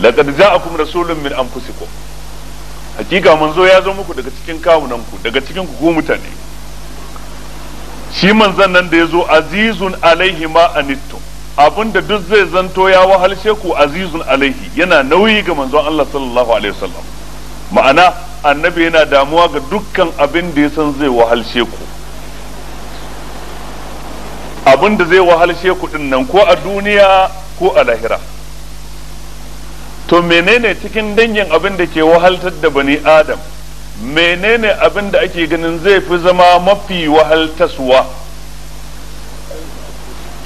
laqad ja'akum rasulun min anfusikum hakika manzo ya zo muku daga cikin kawunan ku daga cikin ku mutane shi manzon nan da ya zo azizun alaihi ma anittu abinda duk zai zanto ya wahalshe ku azizun alaihi yana nauyi ga manzon Allah sallallahu alaihi wasallam ma'ana annabi yana damuwa ga dukkan abin da ya san zai wahalshe ku abin da zai wahalshe kuɗin nan ko a duniya ko a lahira to menene cikin dangin abin da ke wahaltar da bani adam menene abin da ake ganin zai fi zama mafi wahaltaswa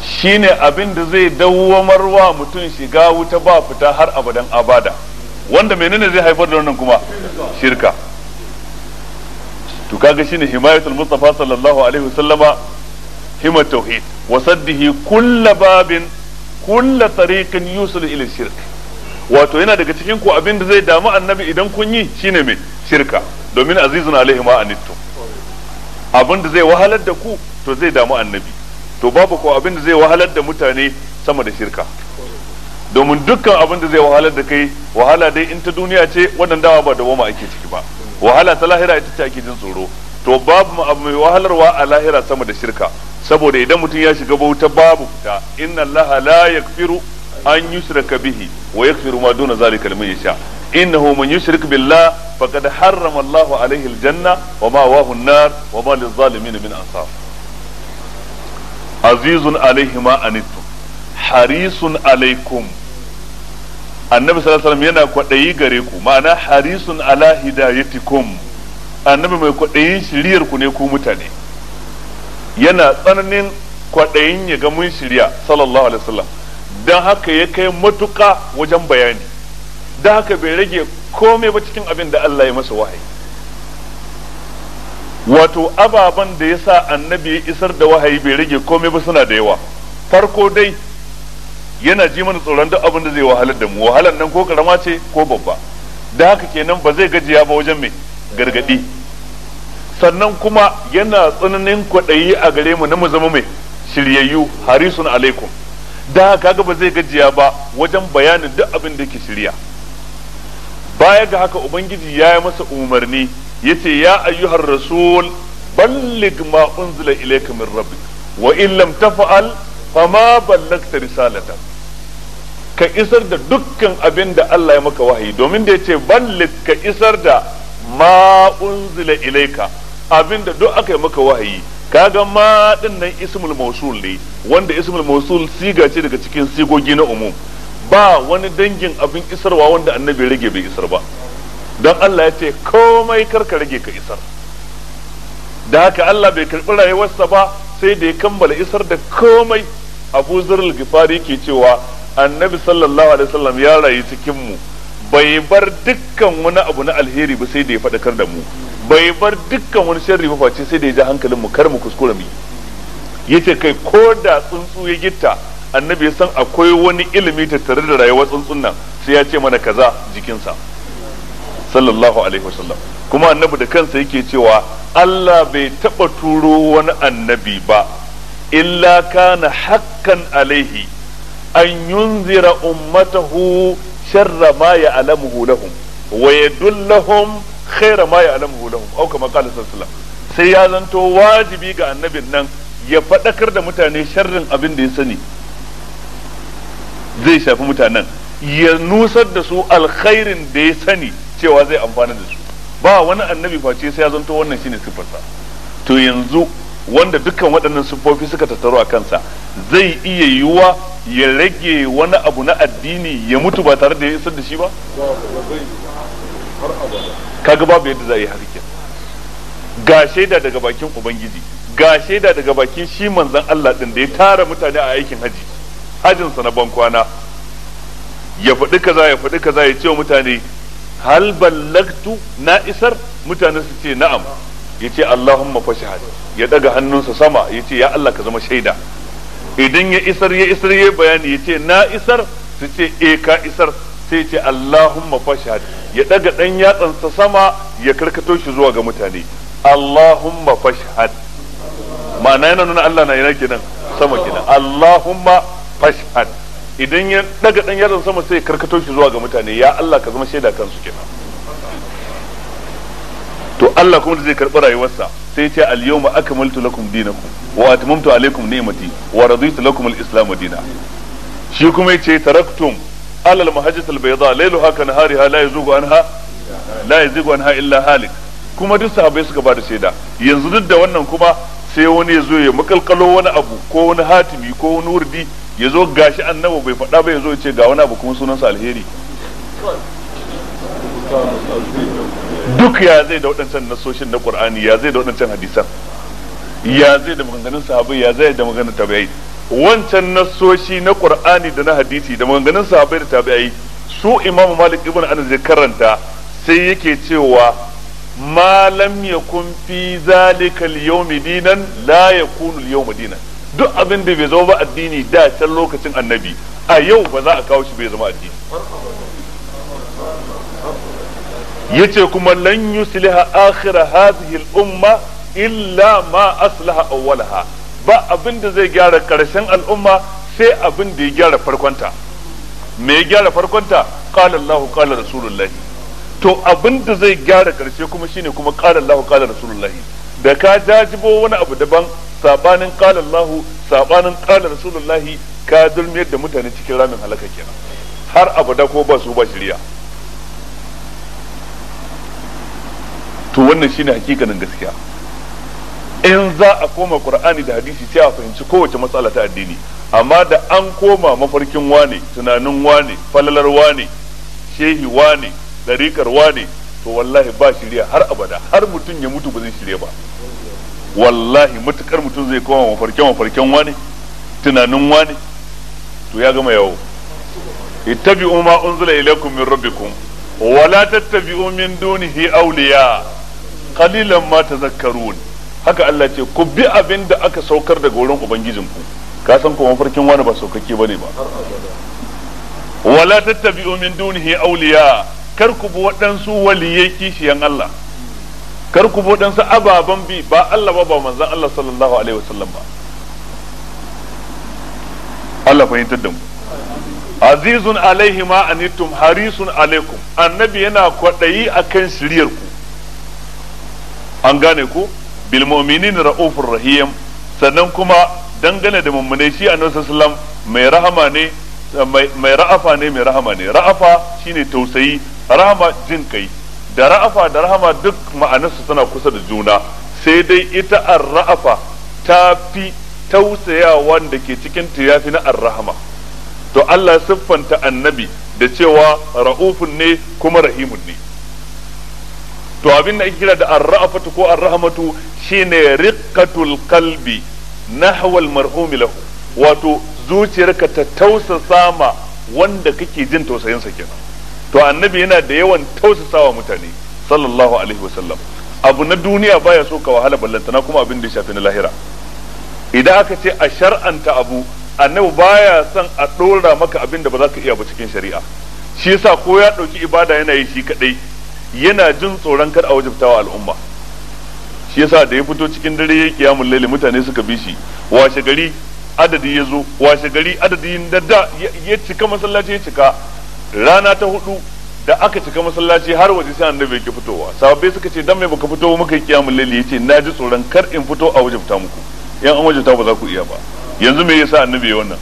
shine abin da zai wa mutum shiga wuta ba fita har abadan abada wanda menene zai haifar da wannan kuma shirka to kaga shine himayatul mustafa sallallahu alaihi wasallama himmat tauhid wa saddihi kulla babin kulla tariqin yusul ila shirk wato yana daga cikin ku abin da zai damu annabi idan kun yi shine mai shirka domin azizun alaihi ma anittum abin da zai wahalar da ku to zai damu annabi to babu ko abin da zai wahalar da mutane sama da shirka domin dukkan abin da zai wahalar da kai wahala dai in ta duniya ce wannan dawa ba da wama ake ciki ba wahala ta lahira ita ce ake jin tsoro to babu abu mai wahalarwa a lahira sama da shirka saboda idan mutum ya shiga bauta babu fita inna allaha la yakfiru an yushraka bihi wa yakfiru ma duna zalika liman yasha innahu man yushrik billah faqad harrama Allahu alaihi aljanna wa ma wahu an-nar wa ma lil-zalimin min ansar azizun alayhi ma anittum harisun alaikum annabi sallallahu alaihi yana kwadayi gare ku ma'ana harisun ala hidayatikum annabi mai kwadayin shiriyar ku ne ku mutane yana tsananin kwaɗayin ya ga mun shirya sallallahu alaihi wasallam don haka ya kai matuƙa wajen bayani don haka bai rage komai ba cikin abin da Allah ya masa wahayi wato ababen da ya sa annabi ya isar da wahayi bai rage komai ba suna da yawa farko dai yana ji mana tsoron duk abin da zai wahalar da mu wahalar nan ko karama ce ko babba da haka kenan ba zai gajiya ba wajen mai gargadi sannan kuma yana tsananin kwaɗayi a gare mu na mu zama mai shiryayyu harisun alaikum da kaga ba zai gajiya ba wajen bayanin duk abin da yake shirya baya ga haka ubangiji ya yi masa umarni ya ce ya ayyuhar rasul ballig ma unzila ilayka min rabbi wa in lam taf'al ma ballagta risalata ka isar da dukkan abin da Allah ya maka wahayi domin da yace ballig ka isar da ma unzila ilayka abinda duk aka yi maka wahayi kaga ma din nan ismul mausul ne wanda ismul mausul siga ce daga cikin sigogi na umum ba wani dangin abin isarwa wanda annabi rage bai isar ba don Allah ya ce komai kar ka rage ka isar da haka Allah bai karɓi rayuwarsa ba sai da ya kammala isar da komai abu zurul gifari ke cewa annabi sallallahu alaihi wasallam ya rayu cikin mu bai bar dukkan wani abu na alheri ba sai da ya faɗakar da mu bai bar dukkan wani sharri ba face sai da ya ja hankalin mu kar mu kuskure mu yace kai ko da tsuntsu ya gitta annabi ya san akwai wani ilimi tattare da rayuwar tsuntsun nan sai ya ce mana kaza jikinsa sallallahu alaihi wasallam kuma annabi da kansa yake cewa Allah bai taba turo wani annabi ba illa kana hakkan alaihi an yunzira ummatahu sharra ma لهم lahum wa yadullahum khaira ma ya'lamuhu lahum au kama sai ya zanto wajibi ga annabin nan ya faɗakar da mutane sharrin abin da ya sani zai shafi mutanen ya nusar da su alkhairin da ya sani cewa zai amfana da su ba wani annabi face sai ya zanto wannan shine sifarsa to yanzu wanda dukkan waɗannan siffofi suka tattaro a kansa zai iya yiwuwa ya rage wani abu na addini ya mutu ba tare da ya isar da shi ba kaga babu yadda za a yi haka ga shaida daga bakin ubangiji ga shaida daga bakin shi manzan Allah ɗin da ya tara mutane a aikin haji hajinsa na bankwana ya faɗi kaza ya faɗi kaza ya ce wa mutane hal ballagtu na isar mutane su ce na'am Ya yace Allahumma fashhad ya daga hannunsa sama ya ce ya Allah ka zama shaida idan ya isar ya isar ya bayani ya ce na isar su ce e ka isar sai ce Allahumma fashhad ya daga dan yatsansa sama ya karkato shi zuwa ga mutane Allahumma fashhad ma'ana yana nuna Allah na yana kenan sama kenan Allahumma fashhad idan ya daga dan yatsansa sama sai ya karkato shi zuwa ga mutane ya Allah ka zama shaida kansu kenan to Allah kuma da zai karɓi rayuwarsa sai ce al yawma akmaltu lakum dinakum wa atmamtu alaykum ni'mati wa raditu lakum al islam dina shi kuma yace taraktum alal mahajjat al bayda layluha ka nahariha la yazugu anha la yazugu anha illa halik kuma duk sahabbai suka bada shaida yanzu duk da wannan kuma sai wani ya zo ya makalkalo wani abu ko wani hatimi ko wani wurdi ya zo gashi annabi bai faɗa ba ya zo ya ce ga wani abu kuma sunansa alheri duk ya zai da waɗancan nasoshin na Qur'ani ya zai da waɗancan hadisan ya zai da maganganun sahabai ya zai da maganganun tabi'ai wancan nasoshi na Qur'ani da na hadisi da maganganun sahabai da tabi'ai su Imam Malik ibn Anas ya karanta sai yake cewa ma lam yakun fi zalika al-yawm dinan la yakunu al-yawm dinan duk abin da bai zama ba addini da can lokacin annabi a yau ba za a kawo shi bai zama addini yace kuma lan yusliha akhir hadhihi al-umma illa ma aslaha awwalaha ba abin da zai gyara karshen al'umma sai abin da ya gyara farkonta me ya gyara farkonta qala Allahu qala rasulullahi to abin da zai gyara karshe kuma shine kuma qala Allahu qala rasulullahi da ka jajibo wani abu daban sabanin qala Allahu sabanin qala rasulullahi ka dulmiyar da mutane cikin ramin halaka kenan har abada ko ba su ba shirya to wannan shine hakikanin gaskiya in za a koma qur'ani da hadisi sai a fahimci kowace matsala ta addini amma da an koma mafarkin wane tunanin wane falalar wane shehi wane ɗarikar wane to wallahi ba shirya har abada har mutum ya mutu ba zai shirya ba wallahi matukar mutum zai koma mafarkin mafarkin wane tunanin wane to ya gama yawo ittabi'u ma unzila ilaykum min rabbikum wa la tattabi'u min dunihi awliya qalilan ma tazakkarun haka Allah ce ku bi abin da aka saukar daga wurin ubangijinku ka san ko mafarkin wani ba saukake bane ba wala tattabi'u min dunihi awliya kar ku bi waɗansu waliyai kishiyan Allah kar ku bi waɗansu ababan bi ba Allah ba ba manzon Allah sallallahu alaihi wasallam ba Allah fahimtar da mu azizun alaihi ma anittum harisun alaikum annabi yana kwaɗayi akan shiryar ku an gane ku bil mu'minin ra'ufur rahim sannan kuma dangane da mummunai shi annabi sallallahu mai rahama ne mai ra'afa ne mai rahama ne ra'afa shine tausayi rahama jin kai da ra'afa da rahama duk ma'anarsu suna kusa da juna sai dai ita ar-ra'afa ta fi tausayawan da ke cikin tiyafi na ar-rahama to Allah siffanta annabi da cewa ra'ufun ne kuma rahimun ne to abin da ake kira da arrafatu ko arrahmatu shine riqqatul qalbi nahwa al marhum lahu wato zuciyarka ta tausasa ma wanda kake jin tausayin sa kenan to annabi yana da yawan tausasawa mutane sallallahu alaihi wasallam abu na duniya baya so ka wahala ballantana kuma abin da ya shafi na lahira idan aka ce a shar'anta abu annabi baya son a dora maka abin da ba za ka iya ba cikin shari'a shi yasa ko ya dauki ibada yana yi shi kadai yana jin tsoron kar a wajabtawa al'umma shi yasa da ya fito cikin dare ya kiyamul laili mutane suka bi shi washe gari adadi ya zo washe gari adadi da ya cika masallaci ya cika rana ta hudu da aka cika masallaci har waje sai annabi yake fitowa sahabbai suka ce dan me baka fito muka yi kiyamul laili yace na ji tsoron kar in fito a wajibta muku yan an wajibta ba za ku iya ba yanzu me yasa annabi ya wannan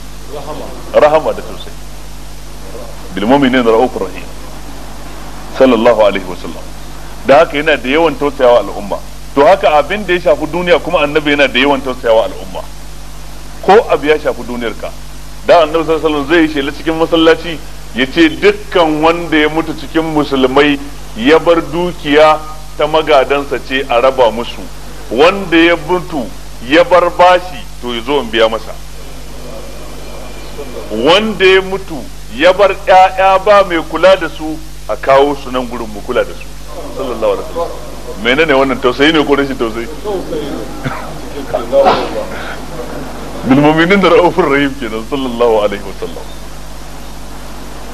rahama da tausayi bil mu'minin ra'ufur rahim sallallahu alaihi wasallam da haka yana da yawan tausayawa al'umma to haka abin da ya shafi duniya kuma annabi yana da yawan tausayawa al'umma ko abu ya shafi duniyarka da annabi sallallahu alaihi wasallam zai shela cikin masallaci ya ce dukkan wanda ya mutu cikin musulmai ya bar dukiya ta magadansa ce a raba musu wanda ya mutu ya bar bashi to ya zo in biya masa wanda ya mutu ya bar 'ya'ya ba mai kula da su a kawo su nan gurin mu kula da su sallallahu alaihi wasallam menene wannan tausayi ne ko rashin tausayi bil mu'minin da raufur rahim kenan sallallahu alaihi wasallam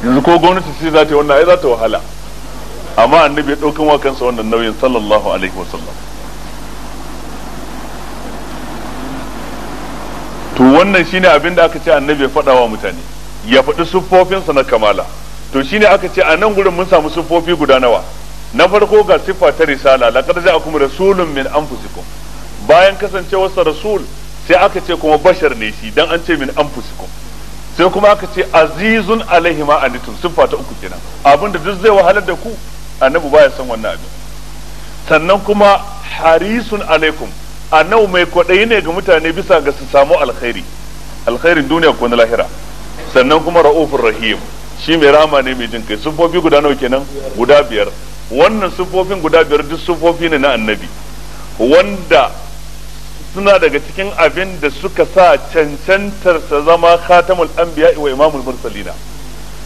yanzu ko gwamnati sai za ta yi wannan ai za ta wahala amma annabi ya daukan wa kansa wannan nauyin sallallahu alaihi wasallam to wannan shine abin da aka ce annabi ya faɗa wa mutane ya faɗi siffofinsa na kamala to shine aka ce a nan gurin mun samu siffofi guda nawa na farko ga siffa ta risala laqad ja'akum rasulun min anfusikum bayan sa rasul sai aka ce kuma bashar ne shi dan an ce min anfusikum sai kuma aka ce azizun alaihi ma anitum siffa ta uku kenan abinda duk zai wahalar da ku annabi baya san wannan abin sannan kuma harisun alaikum annabi mai kwaɗayi ne ga mutane bisa ga su samu alkhairi alkhairin duniya ko na lahira sannan kuma ra'ufur rahim shi mai rama ne mai jin kai sufofi guda nawa kenan guda biyar wannan sufofin guda biyar duk sufofi ne na annabi wanda suna daga cikin abin da suka sa cancantar sa zama khatamul anbiya wa imamul mursalina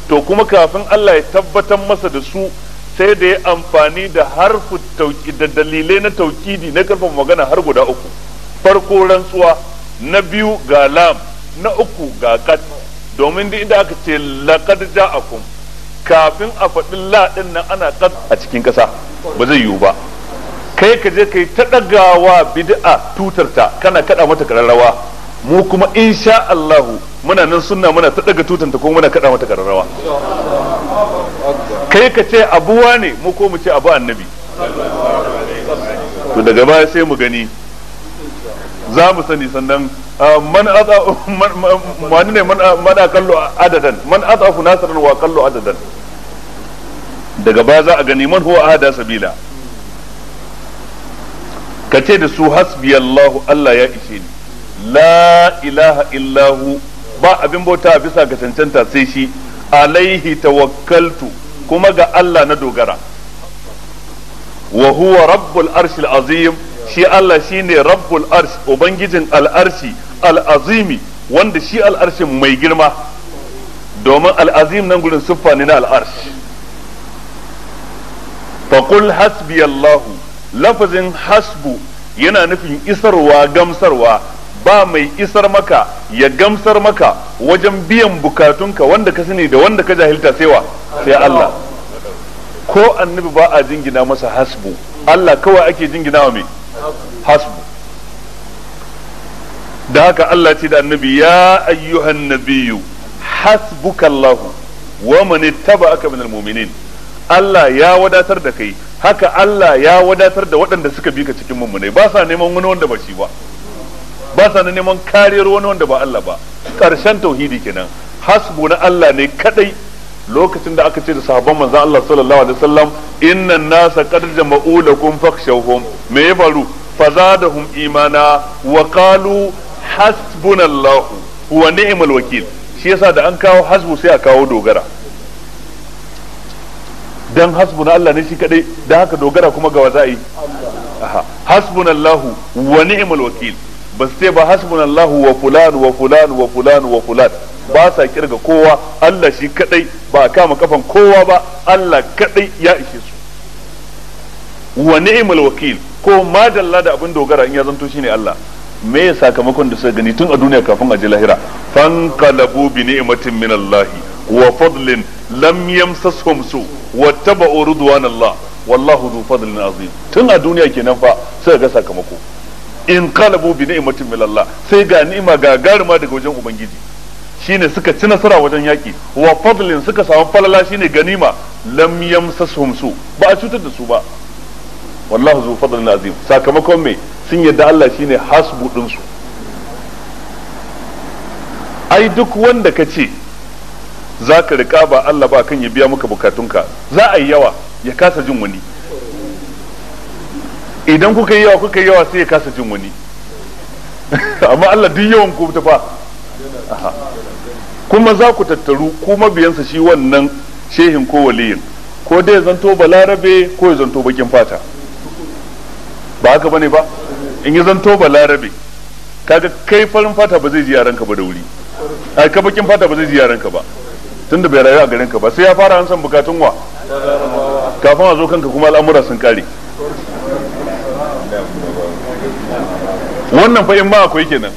to kuma kafin Allah ya tabbatar masa da su sai da ya amfani da harfu da dalilai na taukidi na karfafa magana har guda uku farko rantsuwa na biyu ga lam na uku ga kat domin duk inda aka ce laqad ja'akum kafin a faɗi la nan ana kad a cikin ƙasa ba zai yiwu ba kai ka je kai ta ɗagawa bid'a tutarta kana kada mata kararrawa mu kuma insha Allah muna nan sunna muna ta daga tutanta ko muna kada mata kararrawa kai ka ce abuwa ne mu ko mu ce abu annabi to daga baya sai mu gani za mu sani sannan man aza man ne man aqallu adadan man azafu nasran wa aqallu adadan daga baya za a gani man huwa ahada sabila ka ce da su hasbi Allah Allah ya ishe ni la ilaha illahu ba abin bauta bisa ga cancanta sai shi alaihi tawakkaltu kuma ga Allah na dogara wa huwa rabbul arshil azim shi Allah shine rabbul arsh ubangijin al'arshi al'azimi wanda shi al'arshin mai girma domin al'azim nan gurin siffa ne na al'arsh faqul hasbiyallahu lafazin hasbu yana nufin isarwa gamsarwa ba mai isar maka ya gamsar maka wajen biyan bukatunka wanda ka sani da wanda ka jahilta saiwa sai Allah ko annabi ba a jingina masa hasbu Allah kawai ake jingina wa mai hasbu da haka Allah ce da annabi ya ayyuhan nabiyyu hasbuka Allah wa man ittaba'aka minal mu'minin Allah ya wadatar da kai haka Allah ya wadatar da waɗanda suka bi ka cikin mummunai ba sa neman wani wanda ba shi ba ba sa neman kariyar wani wanda ba Allah ba karshen tauhidi kenan hasbu na Allah ne kadai lokacin da aka ce da sahabban manzon Allah sallallahu alaihi wasallam innan nasa qad jama'u lakum fakhshawhum me ya faru فزادهم إيمانا وقالوا حسبنا الله هو نعم الوكيل shi yasa da an kawo hasbu sai a kawo dogara dan hasbuna Allah ne shi kadai da haka dogara kuma ga za yi hasbunallahu wa ni'mal wakil ba sai ba hasbunallahu wa fulan wa wa wa ba sa kirga kowa Allah shi kadai ba kama kafan kowa ba Allah kadai ya ishe su wa ni'mal wakil ko ma da abin dogara in ya zanto shine Allah me ya sakamakon da suka gani tun a duniya kafin a ji lahira fanqalabu bi ni'matin min Allah wa fadlin lam yamsashum su wattaba'u Allah. wallahu dhu fadlin azim tun a duniya kenan fa suka ga sakamako in qalabu bi ni'matin min Allah sai ga ni'ima gagaruma daga wajen ubangiji shine suka ci nasara wajen yaki wa fadlin suka samu falala shine ganima lam yamsashum su ba a cutar da su ba wallahu zu fadlan azim sakamakon me sun yadda Allah shine hasbu din su ai duk wanda ka ce za ka riƙa ba Allah ba kan ya biya maka bukatunka za a yi yawa ya kasa jin wani idan kuka yi yawa kuka yi yawa sai ya kasa jin wani amma Allah duk yawan ku ta fa kuma za ku tattaru ku mabiyansa shi wannan shehin ko waliyin ko dai zanto balarabe ko ya zanto bakin fata ba haka bane ba in yi zanto ba larabe kaga kai farin fata ba zai ji ka ba da wuri ai ka bakin fata ba zai ji ka ba tunda bai rayu a garin ka ba sai ya fara hansan bukatun wa kafin a zo kanka kuma al'amura sun kare wannan fa in ma akwai kenan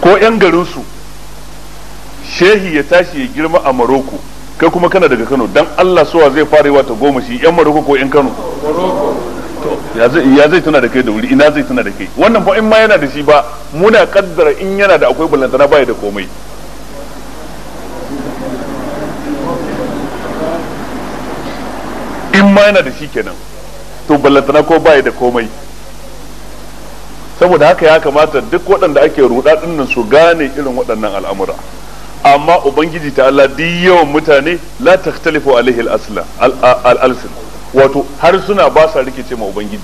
ko 'yan garinsu shehi ya tashi ya girma a maroko kai kuma kana daga Kano dan Allah suwa zai farewa ta goma shi yan Maroko ko yan Kano ya zai ya zai tana da kai da wuri ina zai tana da kai wannan fa in ma yana da shi ba muna kaddara in yana da akwai balantana baya da komai in ma yana da shi kenan to ballantana ko baya da komai saboda haka ya kamata duk waɗanda ake ruɗa nan su gane irin waɗannan al'amura amma ubangiji ta Allah duk yawan mutane la takhtalifu alaihi al-asla alsin wato har suna ba sa rikice ma ubangiji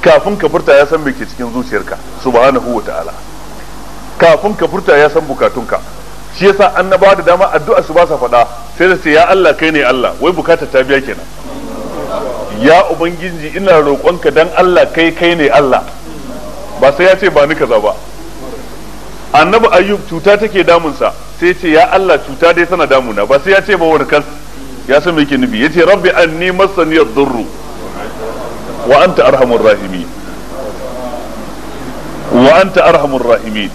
kafin ka furta ya san me ke cikin zuciyarka subhanahu wa ta'ala kafin ka furta ya san bukatunka shi yasa annaba da dama addu'a su ba sa faɗa sai da ce ya Allah kai ne Allah wai bukata ta biya kenan ya ubangiji ina roƙonka dan Allah kai kai ne Allah ba sai ya ce ba ni kaza ba annabi ayyub cuta take damunsa sai ce ya Allah cuta dai tana damuna ba sai ya ce ba wani kas ya san me ke nufi yace rabbi anni massani yadurru wa anta arhamur rahimin wa anta arhamur rahimin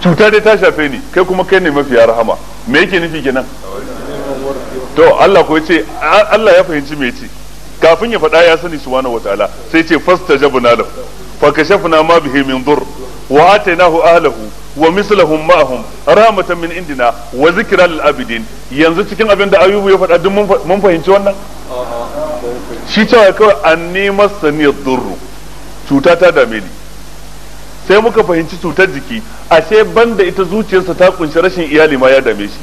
cuta dai ta shafe ni kai kuma kai ne mafi rahama me yake nufi kenan to Allah ko ce Allah ya fahimci me yace kafin ya faɗa ya sani subhanahu wataala sai ce fastajabna lahu fakashafna ma bihi min dur wa atainahu ahlahu wa mislahum ma'ahum rahmatan min indina wa zikra lil abidin yanzu cikin abin da ayubu ya fada duk mun fahimci wannan shi cewa kawai anni masani duru cuta ta dame ni sai muka fahimci cutar jiki ashe banda ita zuciyarsa ta kunshi rashin iyali ma ya dame shi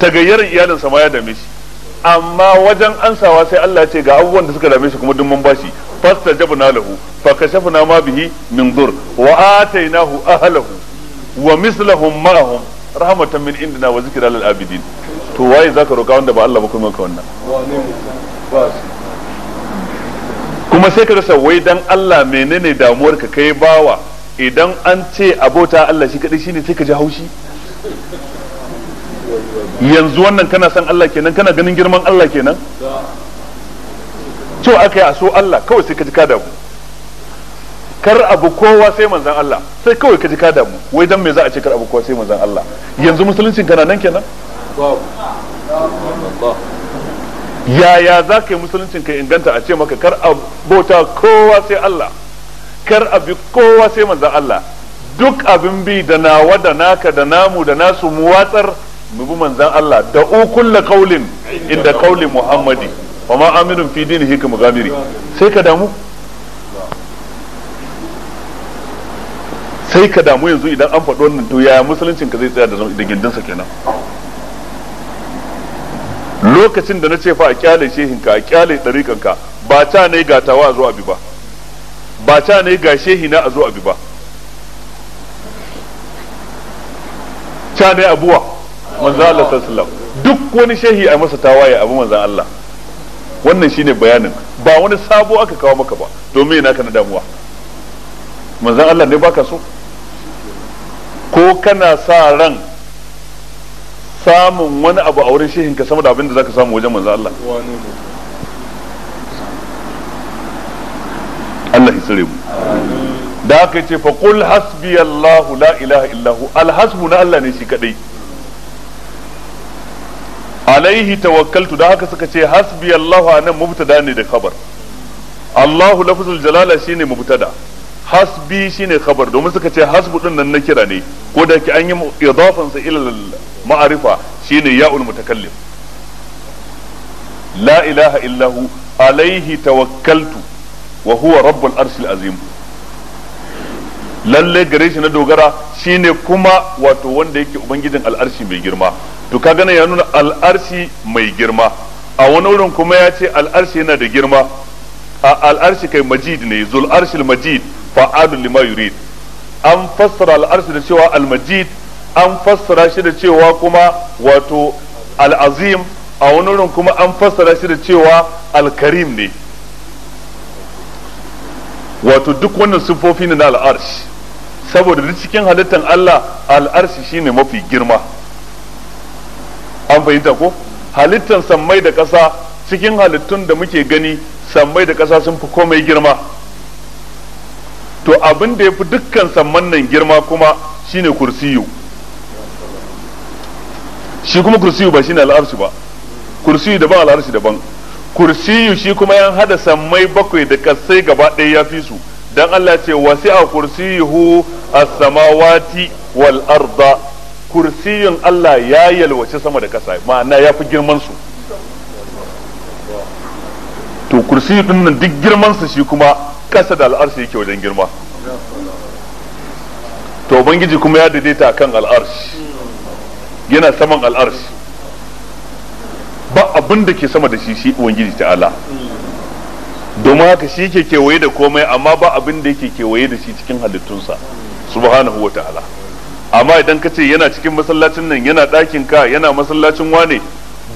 ta tagayyarin iyalinsa ma ya dame shi amma wajen ansawa sai Allah ya ce ga abubuwan da suka dame shi kuma duk mun bashi fastajabna lahu fakashafna ma bihi min dur wa atainahu ahlahu wa mislahum ma'ahum rahmatan min indina wa zikra lil abidin to waye zaka roka wanda ba Allah ba kuma ka wannan kuma sai ka rasa wai dan Allah menene damuwar ka kai bawa idan an ce abota Allah shi kadai shine sai ka ji haushi yanzu wannan kana san Allah kenan kana ganin girman Allah kenan to akai a so Allah kawai sai ka ji ka damu kar abu kowa sai manzan Allah sai kawai ka ji ka damu wai dan me za a ce kar abu kowa sai manzan Allah yanzu musuluncin kana nan kenan yaya za ka yi musuluncin ka inganta a ce maka kar a bauta kowa sai Allah kar a bi kowa sai manzan Allah duk abin bi da nawa da naka da namu da nasu mu watsar mu bi manzan Allah da ukulla qaulin inda qauli Muhammadi wa ma aminun fi dinihi ka sai ka damu sai ka damu yanzu idan an faɗo wannan to yaya musuluncin ka zai tsaya da gindinsa kenan lokacin da na ce fa a kyale ka, a kyale ka, ba ca ne ga tawa a zo abi ba ba ca ne ga shehi na a zo abi ba ca ne abuwa manzan Allah sallallahu duk wani shehi a masa tawaye abu manzan Allah wannan shine bayanin ba wani sabo aka kawo maka ba domin yana ka na damuwa manzan Allah ne baka so ko kana sa ran samun wani abu a wurin shehinka sama da abin da zaka samu wajen manzo Allah Allah ya tsare mu da aka ce fa qul hasbi Allah la ilaha illa hu al hasbu na Allah ne shi kadai alaihi tawakkaltu da haka suka ce hasbi Allah anan mubtada ne da khabar allahu lafzul jalala shine mubtada hasbi shine khabar domin suka ce hasbu din nan na kira ne ko da ke an yi idafan sa ila ma'arifa shine ya'ul mutakallim la ilaha illahu alaihi tawakkaltu wa huwa rabbul arshil azim lalle gare shi na dogara shine kuma wato wanda yake ubangijin al'arshi mai girma to kaga nan ya nuna al'arshi mai girma a wani wurin kuma ya ce al'arshi yana da girma al'arshi kai majid ne zul arshil majid fa'alun lima yurid an fassara al'arshi da cewa al-majid an fassara shi da cewa kuma wato al-azim a wani wurin kuma an fassara shi da cewa al-karim ne wato duk wannan siffofi ne na al'arshi saboda duk cikin halittan Allah al'arshi shine mafi girma an fahimta ko halittan samai da kasa cikin halittun da muke gani sammai da ƙasa sun fi komai girma to abin da ya fi dukkan samman nan girma kuma shine kursiyu shi kuma kursiyu ba shine al'arshi ba kursiyu daban al'arshi daban kursiyu shi kuma yan hada sammai bakwai da kasai gaba ɗaya ya fi su dan Allah ce a kursiyuhu as-samawati wal arda kursiyun Allah ya yalwace sama da kasa ma'ana ya fi girman su to kursi din nan duk girman sa shi kuma kasa da al'arshi yake wajen girma to ubangiji kuma ya daidaita kan al'arshi yana saman al'arshi ba abin da ke sama da shi shi ubangiji ala, domin haka shi ke kewaye da komai amma ba abin da yake kewaye da shi cikin halittunsa subhanahu wa ta'ala amma idan ka ce yana cikin masallacin nan yana ɗakin ka yana masallacin wane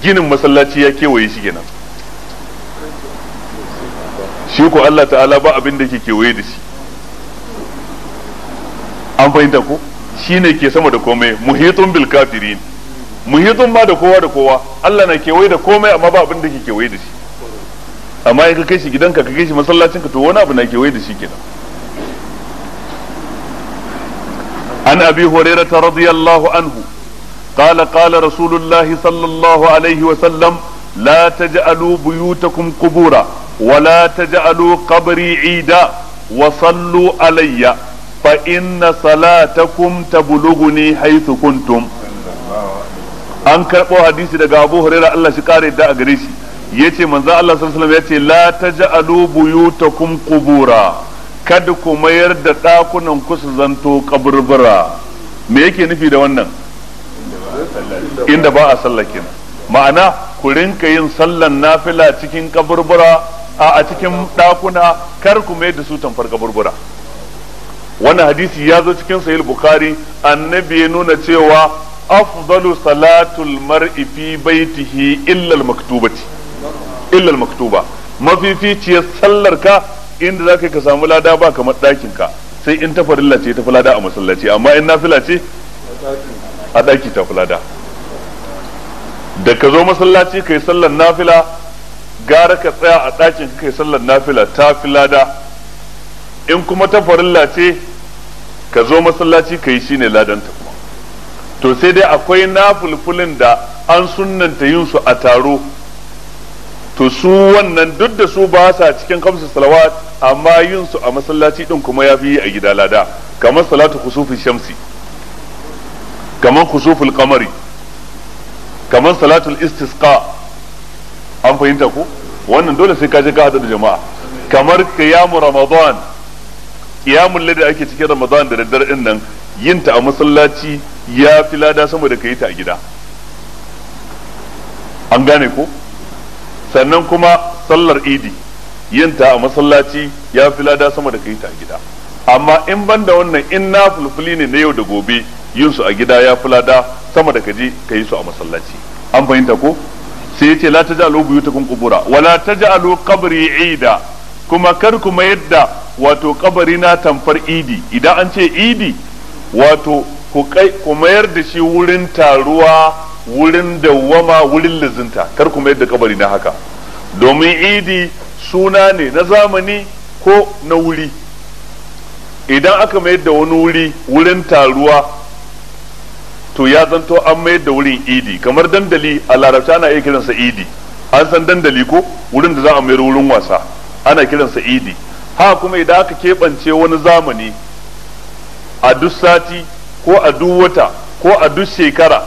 ginin masallaci ya kewaye shi kenan shi ko Allah ta'ala ba abin da ke kewaye da shi an fahimta ko shi ne ke sama da komai muhitun bil kafirin muhitun ma da kowa da kowa Allah na kewaye da komai amma ba abin da ke kewaye da shi amma in ka kai shi gidanka ka kai shi masallacin ka to wani abu na kewaye da shi kenan an abi hurairah radiyallahu anhu qala-qala rasulullahi sallallahu alaihi wa sallam la لا تجعلوا بيوتكم ولا تجعلوا قبري عيدا وصلوا علي فإن صلاتكم تبلغني حيث كنتم an karɓo hadisi daga abu huraira Allah shi kare da a gare shi ya ce manzo Allah sallallahu ya ce la taj'alu buyutakum qubura kada ku mayar da ɗakunan ku su zanto kaburbura me yake nufi da wannan inda ba a sallakin ma'ana ku rinka yin sallan nafila cikin kaburbura a cikin ɗakuna kar ku mai da su tamfar kaburbura wannan hadisi ya zo cikin sahih bukhari annabi ya nuna cewa afdalu salatul mar'i fi baitihi illa al-maktubati illa al-maktuba mafificiyar sallar ka inda zaka ka samu lada ba kamar ɗakin ka sai in ta farilla ce ta lada a masallaci amma in nafila ce a ɗaki ta lada da ka zo masallaci kai sallar nafila gara ka tsaya a ɗakin kai sallar nafila ta fi lada in kuma ta farilla ce ka zo masallaci ka yi shi ne ladanta kuma to sai dai akwai nafulfulin da an sunnanta yin su a taro to su wannan duk da su ba sa cikin kamsa salawat amma yin su a masallaci din kuma ya fi yi a gida lada kamar salatu kusufin shamsi kamar kusufin kamari kamar salatul istisqa an fahimta ko wannan dole sai ka je ka hada da jama'a kamar qiyamu ramadan qiyamul ladhi ake cikin ramadan da daddare din nan yin ta a masallaci ya fi lada sama da kai ta a gida an gane ko sannan kuma sallar idi yin ta a masallaci ya fi lada sama da kai ta a gida amma in ban da wannan in na fulfuli ne na yau da gobe yin su a gida ya fi lada sama da kaje ka yi su a masallaci an fahimta ko sai yace la ta buyutakum qubura wa la kabari qabri ida kuma kar ku mayar da wato kabari na tamfar idi idan an ce idi wato ku kai ku mayar da shi wurin taruwa wurin dawwama wurin lizinta kar ku mayar da kabari na haka domin idi suna ne na zamani ko na wuri idan aka mayar da wani wuri wurin taruwa to ya zanto an mayar da wurin idi kamar dandali a larabta ana iya kiransa idi an san dandali ko wurin da za a mayar wurin wasa ana kiransa idi ha kuma idan aka keɓance wani zamani a duk sati ko a duk wata ko a duk shekara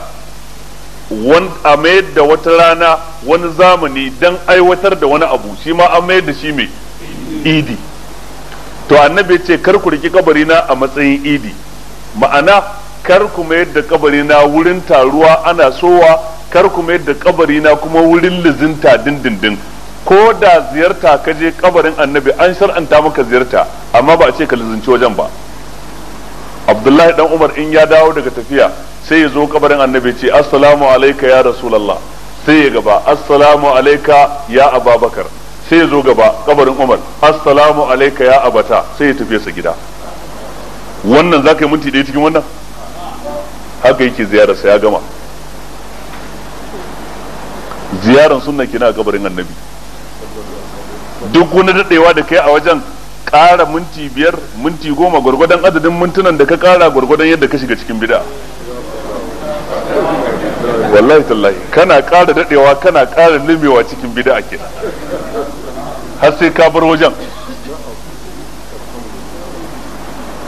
a mayar da wata rana wani zamani don aiwatar da wani abu shi ma an mayar da shi mai idi to annabi ce kar ku riki kabarina a matsayin idi ma'ana kar ku mayar da kabari na wurin taruwa ana sowa kar ku mayar da kabari na kuma wurin lizinta dindindin ko da ziyarta ka je kabarin annabi an shar'anta maka ziyarta amma ba a ce ka lizinci wajen ba abdullahi dan umar in ya dawo daga tafiya sai ya zo kabarin annabi ce assalamu alaika ya rasulullah sai ya gaba assalamu alaika ya ababakar sai ya zo gaba kabarin umar assalamu alaika ya abata sai ya tafi sa gida wannan zaka yi minti ɗaya cikin wannan haka yake ziyarar sa ya gama ziyarar sunna kina a kabarin annabi duk wani dadewa da kai a wajen ƙara minti biyar minti goma gwargwadon adadin mintunan da ka ƙara gwargwadon yadda ka shiga cikin bida wallahi tallahi kana ƙara dadewa kana ƙara limewa cikin bida ke har sai ka bar wajen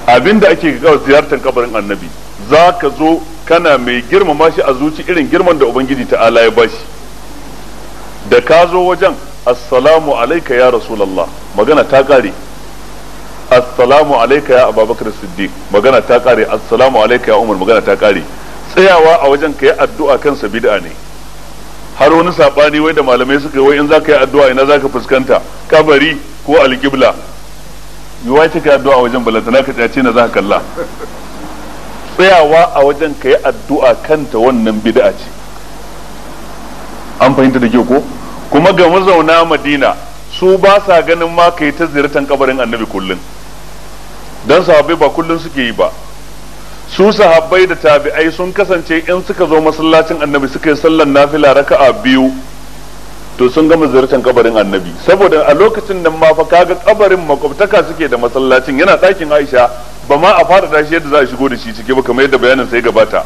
abinda ake ga ziyartar kabarin annabi za ka zo kana mai girmama shi a zuci irin girman da ubangiji ta'ala ya bashi da ka zo wajen assalamu alaika ya rasulallah magana ta kare assalamu alaika ya ababakar siddiq magana ta kare assalamu alaika ya umar magana ta kare tsayawa a wajen ka yi addu'a kansa sabida ne har wani sabani wai da malamai suka yi wai in zaka yi addu'a ina zaka fuskanta kabari ko alqibla ka kika addu'a wajen balantana ka ce na zaka kalla tsayawa a wajen ka yi addu'a kanta wannan bid'a ce an fahimta da ko kuma ga mazauna madina su ba sa ganin ma ka yi ta ziyartar kabarin annabi kullum don sahabbai ba kullum suke yi ba su sahabbai da tabi'ai sun kasance in suka zo masallacin annabi suka yi sallan nafila raka'a biyu to sun gama ziyartar kabarin annabi saboda a lokacin nan ma fa kaga kabarin makwabtaka suke da masallacin yana ɗakin Aisha ba ma a fara shi yadda za a shigo da shi ciki ba kamar yadda bayanin sai gabata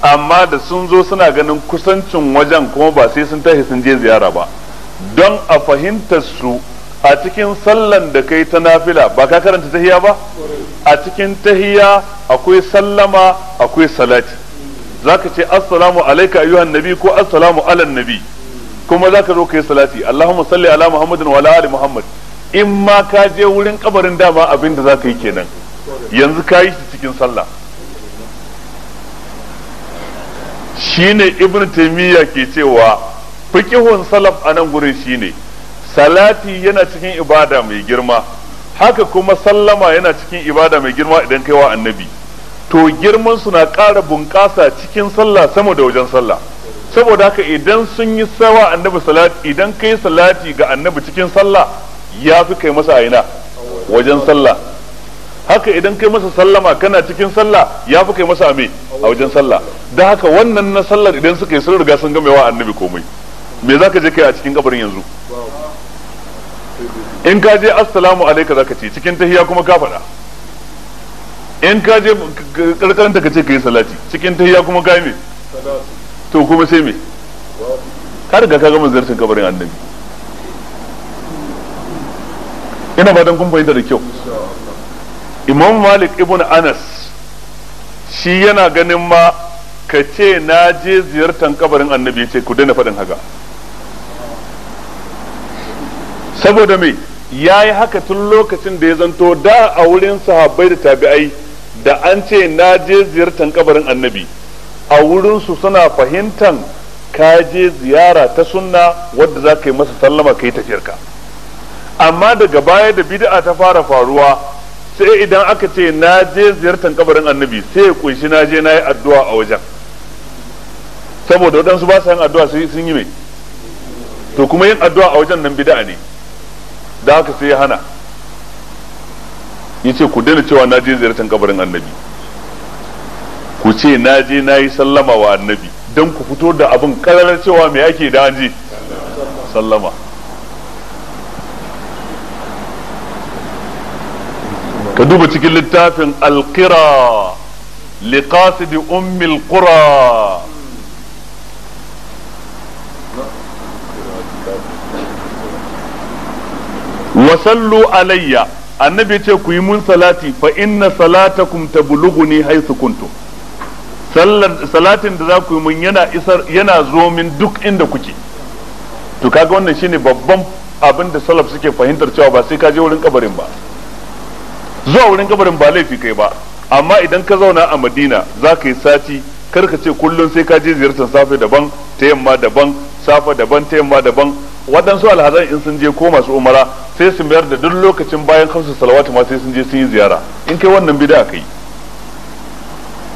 amma da sun zo suna ganin kusancin wajen kuma ba sai sun tashi sun je ziyara ba don a fahimtar su a cikin sallan da kai ta nafila ba ka karanta tahiya ba a cikin tahiya akwai sallama akwai salati zaka ce assalamu alayka ayyuhan nabi ko assalamu ala nabi kuma zaka zo kai salati allahumma salli ala muhammadin wa ala ali muhammad in ma ka je wurin kabarin dama abin da zaka yi kenan yanzu ka yi shi cikin sallah shine ibn taimiyya ke cewa fikihun salaf a nan gurin shine salati yana cikin ibada mai girma haka kuma sallama yana cikin ibada mai girma idan kai wa annabi to girman suna na ƙara bunƙasa cikin sallah sama da wajen sallah saboda haka idan sun yi sawa annabi salati idan kai salati ga annabi cikin sallah ya fi kai masa aina wajen sallah haka idan kai masa sallama kana cikin sallah ya fi kai masa ame a wajen sallah da haka wannan na sallar idan suka yi sun riga sun game wa annabi komai me zaka je kai a cikin kabarin yanzu in ka je assalamu alayka zaka ce cikin tahiya kuma ka faɗa in ka je karkaranta ka ce ka yi salati cikin tahiya kuma ka yi me to kuma sai me ka riga ka gama ziyartar kabarin annabi ina fatan kun fahimta da kyau imam malik ibn anas shi yana ganin ma ka ce na je ziyartar kabarin annabi ce ku daina faɗin haka saboda me ya yi haka tun lokacin da ya zanto da a wurin sahabbai da tabi'ai da an ce na je ziyartar kabarin annabi a wurinsu suna fahimtan ka je ziyara ta sunna wadda za ka yi masa sallama ka yi tafiyarka amma daga baya da bid'a ta fara faruwa sai idan aka ce na je ziyartar kabarin annabi sai ya kunshi na je na yi addu'a a wajen saboda waɗansu ba su yin addu'a sun yi mai to kuma yin addu'a a wajen nan bida'a ne da haka sai ya hana ya ce ku daina cewa na je ziyartar kabarin annabi ku ce na je na yi sallama wa annabi don ku fito da abin kararar cewa me ake da an je sallama ka duba cikin littafin alkira da ummil ƙura wasallu alayya annabi ce ku yi mun salati fa inna salatakum tablughuni haisu kuntu salatin da za ku yi mun yana isar yana zo min duk inda kuke to kaga wannan shine babban abin da salaf suke fahimtar cewa ba sai ka je wurin kabarin ba zuwa wurin kabarin ba laifi kai ba amma idan ka zauna a madina za ka yi sati kar ka ce kullum sai ka je ziyartar safe daban ta yamma daban safa daban ta yamma daban waɗansu alhazan in sun je ko masu umara sai su mayar da duk lokacin bayan kansu salawatu ma sai sun je sun yi ziyara in kai wannan bid'a kai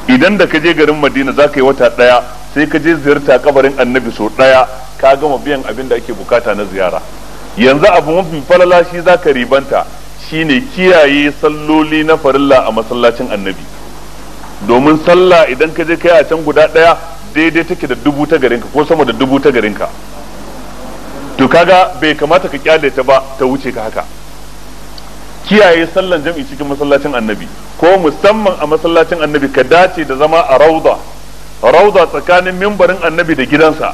idan da ka je garin madina za ka yi wata ɗaya sai ka je ziyarta kabarin annabi sau ɗaya ka gama biyan abin da ake bukata na ziyara yanzu abu mafi falala shi za ka ribanta shine kiyaye salloli na farilla a masallacin annabi domin sallah idan ka je kai a can guda daya daidai take da dubu ta garinka ko sama da dubu ta garinka to kaga bai kamata ka kyale ta ba ta wuce ka haka kiyaye sallan jam'i cikin masallacin annabi ko musamman a masallacin annabi ka dace da zama a rauda rauda tsakanin mimbarin annabi da gidansa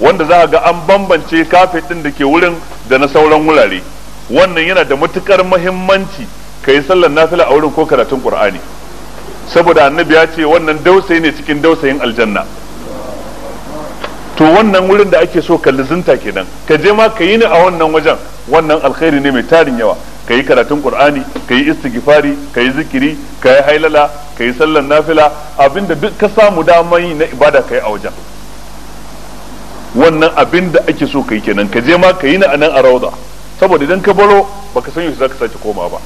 wanda za a ga an bambance kafet din da ke wurin da na sauran wurare wannan yana da matukar muhimmanci ka yi sallar nafila a wurin ko karatun qur'ani saboda annabi ya ce wannan dausayi ne cikin dausayin aljanna to wannan wurin da ake so ka lizinta kenan ka je ma ka yi ni a wannan wajen wannan alkhairi ne mai tarin yawa ka yi karatun qur'ani ka yi istighfari ka yi zikiri ka yi hailala ka yi sallar nafila abinda duk ka samu damar yi na ibada ka yi a wajen wannan abin da ake so ka yi kenan ka je ma ka yi ni a nan a rawda saboda idan ka baro baka san yaushe zaka sake koma ba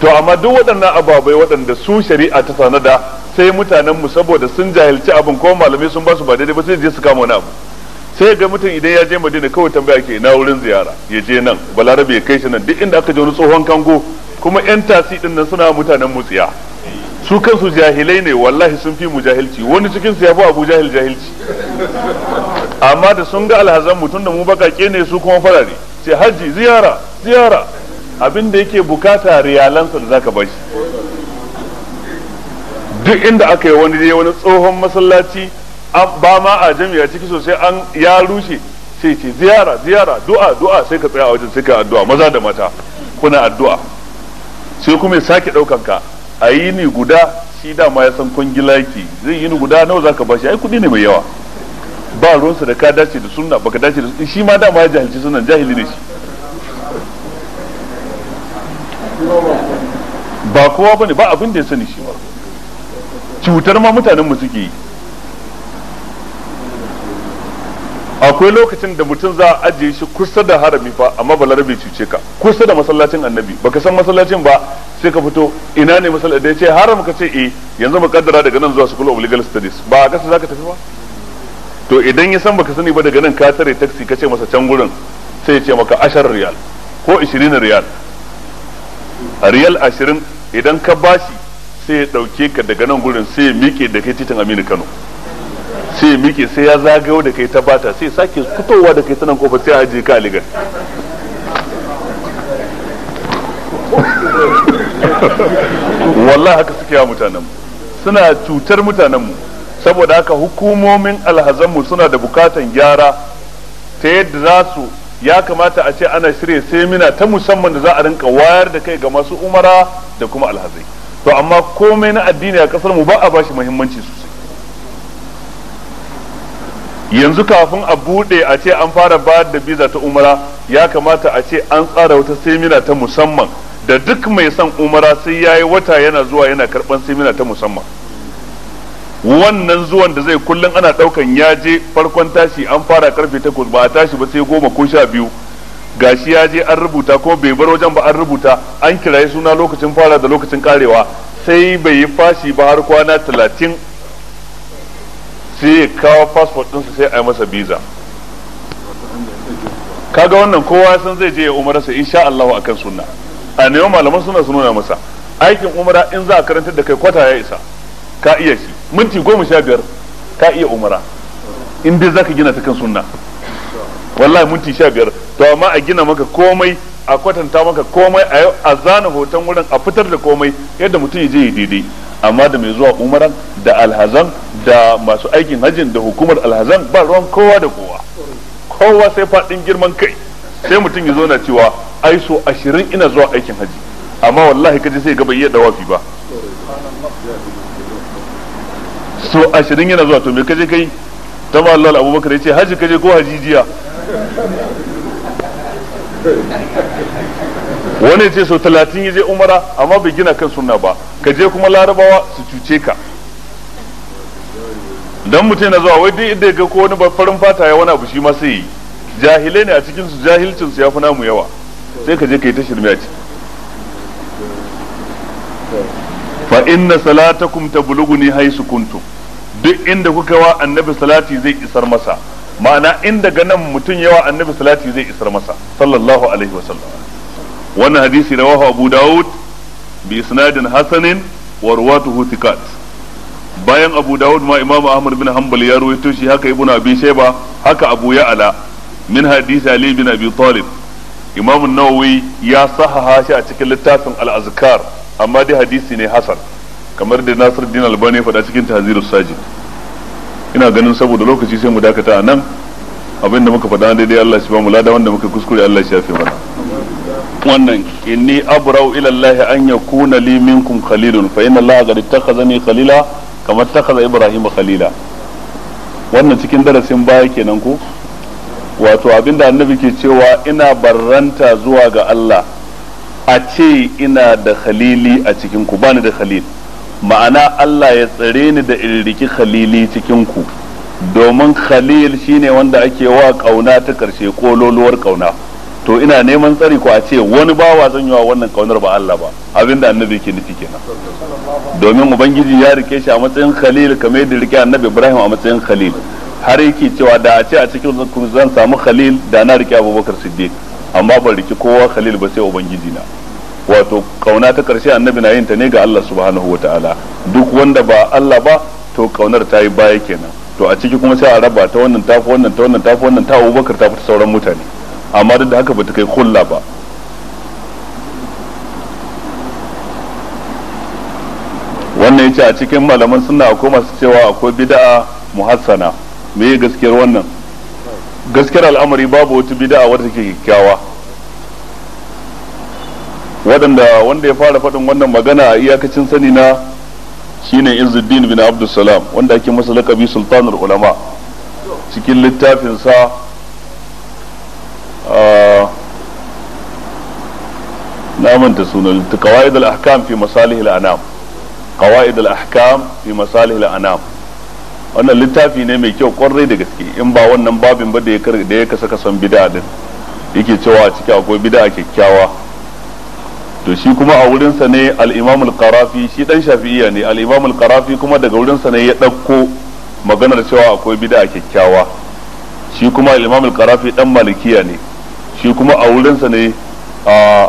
to amma duk waɗannan ababai waɗanda su shari'a ta sanada sai mutanen mu saboda sun jahilci abin ko malamai sun ba su ba daidai ba sai je su kama wani abu sai ga mutum idan ya je madina kawai tambaya ke na wurin ziyara ya je nan balarabe ya kai shi nan duk inda aka je wani tsohon kango kuma yan tasi din nan suna mutanen mu tsiya su kansu jahilai ne wallahi sun fi mu jahilci wani cikin su ya fi abu jahil jahilci amma da sun ga alhazan mutum da mu bakake ne su kuma farare ce haji ziyara ziyara abin da yake bukata riyalansa da zaka bashi duk inda aka yi wani wani tsohon masallaci ba ma a jami'a ciki sosai an ya rushe sai ce ziyara ziyara du'a du'a sai ka tsaya a wajen sai addu'a maza da mata kuna addu'a sai kuma ya sake daukan ka a yi ni guda shi dama ya san kwangilaki zai yi ni guda nawa zaka bashi ai kudi ne mai yawa ba ruwansa da ka dace da sunna baka dace da shi ma dama ya jahilci sunan jahili ne shi ba kowa bane ba abin da ya sani shi ba cutar ma mutanen mu suke yi akwai lokacin da mutum za a ajiye shi kusa da harami fa amma larabe cuce ka kusa da masallacin annabi baka san masallacin ba sai ka fito ina ne masallacin da ya ce haram ka ce eh yanzu mu kaddara daga nan zuwa school of legal studies ba a za ka tafi ba to idan ya san baka sani ba daga nan ka tare taxi ka ce masa can gurin sai ya ce maka ashar riyal ko ishirin riyal a riyal ashirin idan ka bashi sai ya ɗauke ka daga nan gurin sai ya miƙe da kai titin aminu kano sai ya miƙe sai ya zagayo da kai ta bata sai sake fitowa da kai ta nan kofar sai a ajiye ka a wallah haka suke yawa mutanenmu suna cutar mutanenmu saboda haka hukumomin alhazanmu suna da bukatan gyara ta yadda za su ya kamata a ce ana shirya semina ta musamman da za a rinka wayar da kai ga masu umara da kuma alhazai to amma komai na addini a kasar mu ba a bashi muhimmanci sosai yanzu kafin a bude a ce an fara bayar da biza ta umara ya kamata a ce an tsara wata semina ta musamman da duk mai son umara sai ya yi wata yana zuwa yana karban semina ta musamman wannan zuwan da zai kullum ana daukan ya je farkon tashi an fara karfe takwas ba a tashi ba sai goma ko sha biyu gashi ya je an rubuta ko bai bar wajen ba an rubuta an kiraye suna lokacin fara da lokacin karewa sai bai yi fashi ba har kwana talatin sai ya kawo fasfot ɗinsa sai a yi masa biza kaga wannan kowa san zai je ya umararsa insha Allah akan sunna a neman malaman suna su nuna masa aikin umara in za a karantar da kai kwata ya isa ka iya shi minti goma sha biyar ka iya umara in dai zaka gina ta kan sunna wallahi minti sha biyar to amma a gina maka komai a kwatanta maka komai a a zana hoton wurin a fitar da komai yadda mutum ya je ya daidai amma da mai zuwa umaran da alhazan da masu aikin hajjin da hukumar alhazan ba ruwan kowa da kowa kowa sai faɗin girman kai sai mutum ya zo na cewa ai so ashirin ina zuwa aikin hajji amma wallahi kaje sai ga bai iya dawafi ba so ashirin yana zuwa to me kaje kai ta ba Allah abubakar ya ce haji kaje ko hajijiya wani ce so talatin ya je umara amma bai gina kan sunna ba ka je kuma larabawa su cuce ka dan mutum na zuwa wai duk inda ga ko wani farin fata ya wani abu shi ma sai yi jahilai ne a cikin su jahilcin su yafi namu yawa sai ka je ka yi ta shirme a ciki fa inna salatakum tablughuni haythu kuntum duk inda kuka wa annabi salati zai isar masa ma'ana inda ga nan mutum yawa annabi salati zai isar masa sallallahu alaihi wasallam wannan hadisi rawahu abu daud bi isnadin hasanin wa ruwatuhu thiqat bayan abu daud ma imamu ahmad bin hanbal ya ruwaito shi haka ibnu abi shayba haka abu ya'la min hadisi ali bin abi talib imam an-nawawi ya sahaha shi a cikin littafin al-azkar amma dai hadisi ne hasan kamar da nasiruddin albani faɗa cikin tahzirus sajid ina ganin saboda lokaci sai mu dakata a nan abinda muka faɗa daidai Allah shi ba mu lada wanda muka kuskure Allah shi ya fi mana wannan inni abrau ila Allah an yakuna li minkum khalilun fa inna Allah qad ittakhazani khalila kama Ibrahim khalila wannan cikin darasin baya kenan ko wato abinda annabi ke cewa ina barranta zuwa ga Allah a ce ina da khalili a cikin ku bani da khalil ma'ana Allah ya tsare ni da irriki khalili cikin ku domin khalil shine wanda ake wa kauna ta karshe ko loluwar kauna to ina neman tsari ko a ce wani bawa zan yi wa wannan kaunar ba Allah ba abinda annabi ke nufi kenan domin ubangiji ya rike shi a matsayin khalil kamar yadda rike annabi Ibrahim a matsayin khalil har yake cewa da a ce a cikin zan samu khalil da na rike Abubakar Siddiq amma ban rike kowa khalil ba sai ubangiji na wato kauna ta karshe annabi na yin ta ne ga Allah subhanahu ta'ala duk wanda ba Allah ba to kaunar ta yi baya kenan to a ciki kuma sai a raba ta wannan tafi wannan ta wannan tafi wannan ta Abubakar ta fita sauran mutane amma duk da haka bata kai kulla ba wannan yace a cikin malaman sunna akwai masu cewa akwai bid'a muhassana me gaskiyar wannan gaskiyar al'amari babu wata bid'a wadda take kyakkyawa waɗanda wanda ya fara faɗin wannan magana a iyakacin sani na shine Izzuddin bin Abdulsalam wanda ake masa lakabi sultanul ulama cikin littafinsa na manta sunan qawaid al-ahkam fi masalih al-anam qawaid al-ahkam fi masalih al-anam wannan littafi ne mai kyau kwarai da gaske in ba wannan babin ba da ya kasa kasan bid'a din yake cewa a ciki akwai bid'a kyakkyawa to shi kuma a wurinsa ne al-imam al-qarafi shi dan shafi'iyya ne al-imam al-qarafi kuma daga wurinsa ne ya ɗauko maganar cewa akwai bid'a kyakkyawa shi kuma al-imam al-qarafi dan malikiya ne shi kuma a wurinsa ne a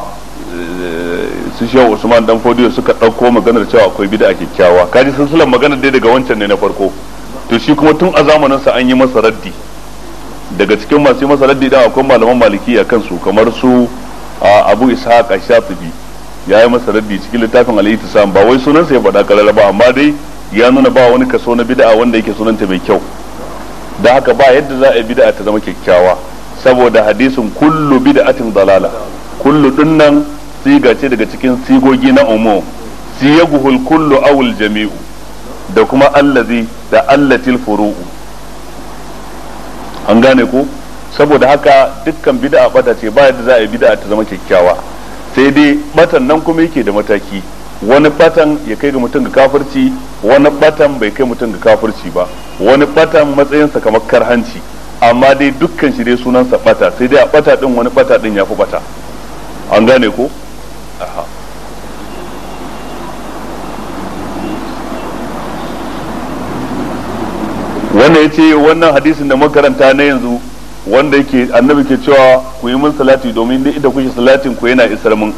e, su shehu usman dan fodiyo suka ɗauko maganar cewa akwai bid'a kyakkyawa kaji silsilar maganar dai daga wancan ne na farko to shi kuma tun a zamanin sa an yi masa raddi daga cikin masu yi masa raddi dan akwai malaman malikiya kansu kamar su abu ishaq shafi biyu ya yi masa raddi cikin littafin al-ittisam ba wai sunansa ya faɗa ƙarar ba amma dai ya nuna ba wani kaso na bid'a wanda yake sunanta mai kyau da haka ba yadda za a yi bid'a ta zama kyakkyawa saboda hadisin kullu bid'atin dalala kullu dinnan siga ce daga cikin sigogi na umum siyaguhul kullu awul jami'u da kuma allazi da allatil furu'u an gane ko saboda haka dukkan bid'a bata ce ba yadda za a yi bid'a ta zama kyakkyawa sai dai batan nan kuma yake da mataki wani batan ya kai ga mutum ga kafirci wani batan bai kai mutum ga kafirci ba wani batan matsayinsa kamar karhanci amma dai dukkan shi dai sunansa bata sai dai a bata din wani bata din ya fi bata an gane ko aha wannan ya wannan hadisin da makaranta na yanzu wanda yake annabi ke cewa ku yi mun salati domin dai idan kuke salatin ku yana isar mun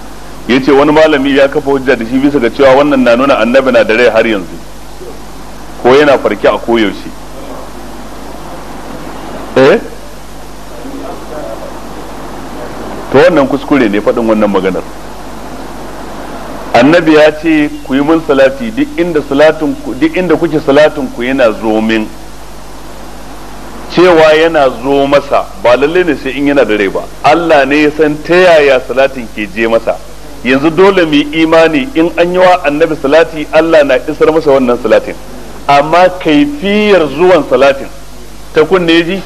yace wani malami ya kafa hujja da shi bisa ga cewa wannan na nuna annabi na da rai har yanzu ko yana farke a koyaushe eh to wannan kuskure ne faɗin wannan maganar annabi ya ce ku yi mun salati duk inda salatin duk inda kuke salatin ku yana zomin min cewa yana zo masa ba lalle ne sai in yana da rai ba Allah ne ya san ta yaya salatin ke je masa yanzu dole mu imani in an yi wa annabi salati Allah na isar masa wannan salatin amma kaifiyar zuwan salatin ta kunne ji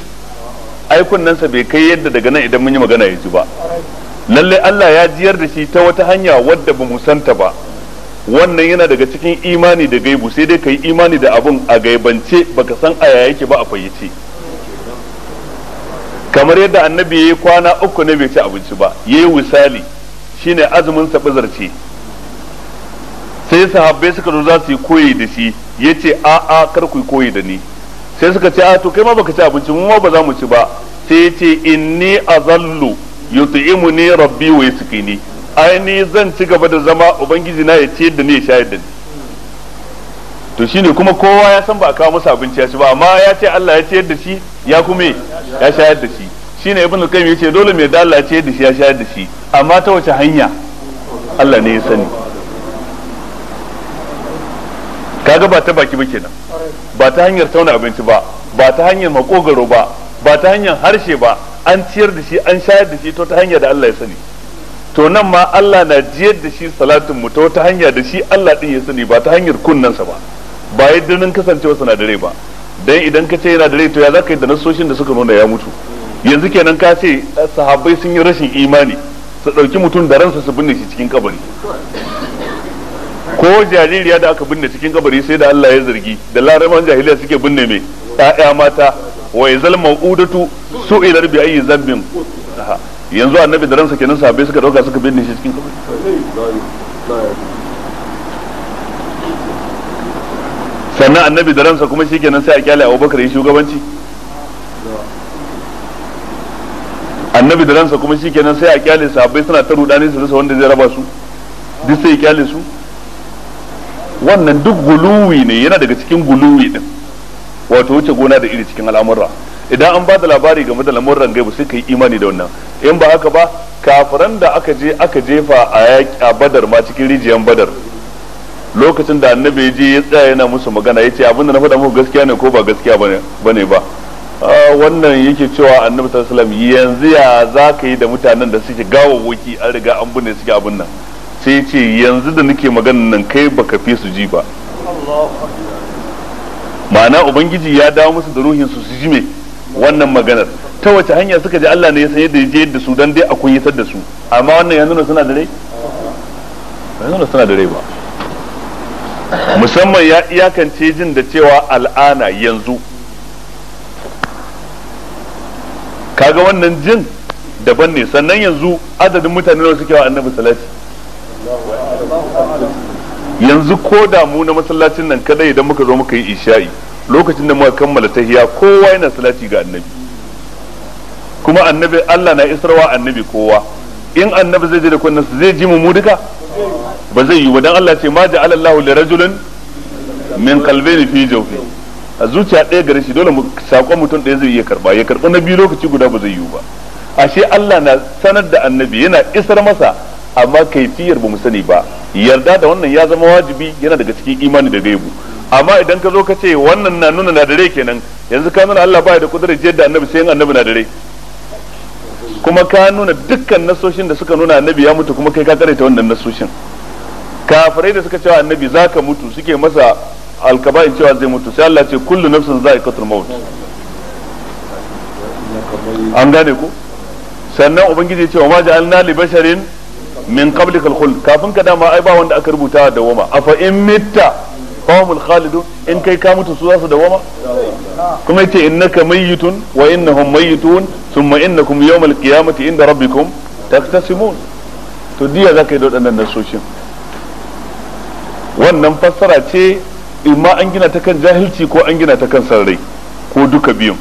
ai kunnensa bai kai yadda daga nan idan mun yi magana ya ba lalle Allah ya jiyar da shi ta wata hanya wadda ba mu santa ba wannan yana daga cikin imani da gaibu sai dai ka yi imani da abun a gaibance baka san a yake ba a fayyace kamar yadda annabi ya yi kwana uku na bai ci abinci ba ya yi wisali shine azumin sa ce sai sahabbai suka zo za su yi koyi da shi ya ce a a kar ku koyi da ni sai suka ce a to kai ma baka ci abinci mu ma ba za mu ci ba sai ya ce inni azallu ni rabbi wa yasqini ai ni zan ci gaba da zama ubangiji na ya ciyar da ni ya shayar da ni to shine kuma kowa ya san ba a kawo masa abinci ya ci ba amma ya ce Allah ya ciyar da shi ya kuma ya shayar da shi shine ibn al-qayyim yace dole mai da Allah ya ciyar da shi ya shayar da shi amma ta wace hanya Allah ne ya sani kaga ba ta baki ba kenan ba ta hanyar tauna abinci ba ba ta hanyar makogaro ba ba ta hanyar harshe ba an ciyar da shi an shayar da shi to ta hanya da Allah ya sani to nan ma Allah na jiyar da shi salatin mu ta wata hanya da shi Allah din ya sani ba ta hanyar kunnansa ba ba yi dinin kasancewa dare ba dan idan ka ce yana dare to ya za ka yi da nasoshin da suka nuna ya mutu yanzu kenan ka ce eh, sahabbai sun yi rashin imani su ɗauki mutum da ransa su binne shi cikin kabari ko jaririya da aka binne cikin kabari sai da Allah ya zargi da larabawan jahiliya suke binne mai ɗaya mata wa udatu ma'udatu su'ilar bi ayi zambin yanzu annabi da ransa kenan sahabbai suka dauka suka binne shi cikin kabari sannan annabi da ransa kuma shikenan sai a kyale abubakar yi shugabanci annabi da ransa kuma shikenan sai a kyale sahabbai suna ta rudani su rasa wanda zai raba su duk sai ya kyale su wannan duk guluwi ne yana daga cikin guluwi din wato wuce gona da iri cikin al'amurra idan an ba da labari game da lamurran gaibu sai ka yi imani da wannan in ba haka ba kafiran da aka je aka jefa a badar ma cikin rijiyar badar lokacin da annabi ji ya tsaya yana musu magana ya ce abinda na faɗa muku gaskiya ne ko ba gaskiya ba ne ba ah, wannan yake cewa annabi sallallahu yanzu ya za ka yi da mutanen da suke gawawwaki an riga an bune suke abin nan sai ce yanzu da nake maganan nan kai ba ka fi su ji ba ma'ana ubangiji ya dawo musu da ruhin su su ji me wannan maganar ta wace hanya suka ji Allah ne ya san yadda ya je yadda su dan dai akwai yasar da su amma wannan yanzu nuna suna da rai yanzu suna da rai ba musamman ya iyakance jin da cewa al'ana yanzu kaga wannan jin daban ne sannan yanzu adadin mutane da suke wa annabi salati yanzu ko damu na masallacin nan kadai idan muka zo muka yi isha'i lokacin da muka kammala tahiya kowa yana salati ga annabi kuma annabi Allah na isarwa annabi kowa in annabi zai je da kunnan zai ji mu duka ba zai yi wa dan Allah ce ma ja Allahu li rajulin min qalbayni fi jawfi a zuciya ɗaya gare shi dole sakon mutum ɗaya zai iya karba ya karba na biyu lokaci guda ba zai yi ba ashe Allah na sanar da annabi yana isar masa amma kaifiyar ba mu sani ba yarda da wannan ya zama wajibi yana daga cikin imani da gaibu amma idan ka zo ka ce wannan na nuna na dare kenan yanzu ka nuna Allah baya da kudurar jiyar da annabi sai annabi na dare kuma ka nuna dukkan nasoshin da suka nuna annabi ya mutu kuma kai ka karanta wannan nasoshin kafirai da suka cewa annabi zaka mutu suke masa alkaba'in cewa zai mutu sai Allah ce kullu nafsin za'iqatul maut an gane ku. sannan ubangiji cewa ma ja'alna li basharin min qablikal khuld kafin ka dama ai ba wanda aka rubuta da wama afa in mitta qawmul khalidu in kai ka mutu su zasu su dawama kuma yace innaka mayyitun wa innahum mayyitun thumma innakum yawmal qiyamati inda rabbikum taktasimun to diya zaka yi da wadannan nasoshin wannan fassara ce imma an gina ta kan jahilci ko an gina ta kan sarrai ko duka biyun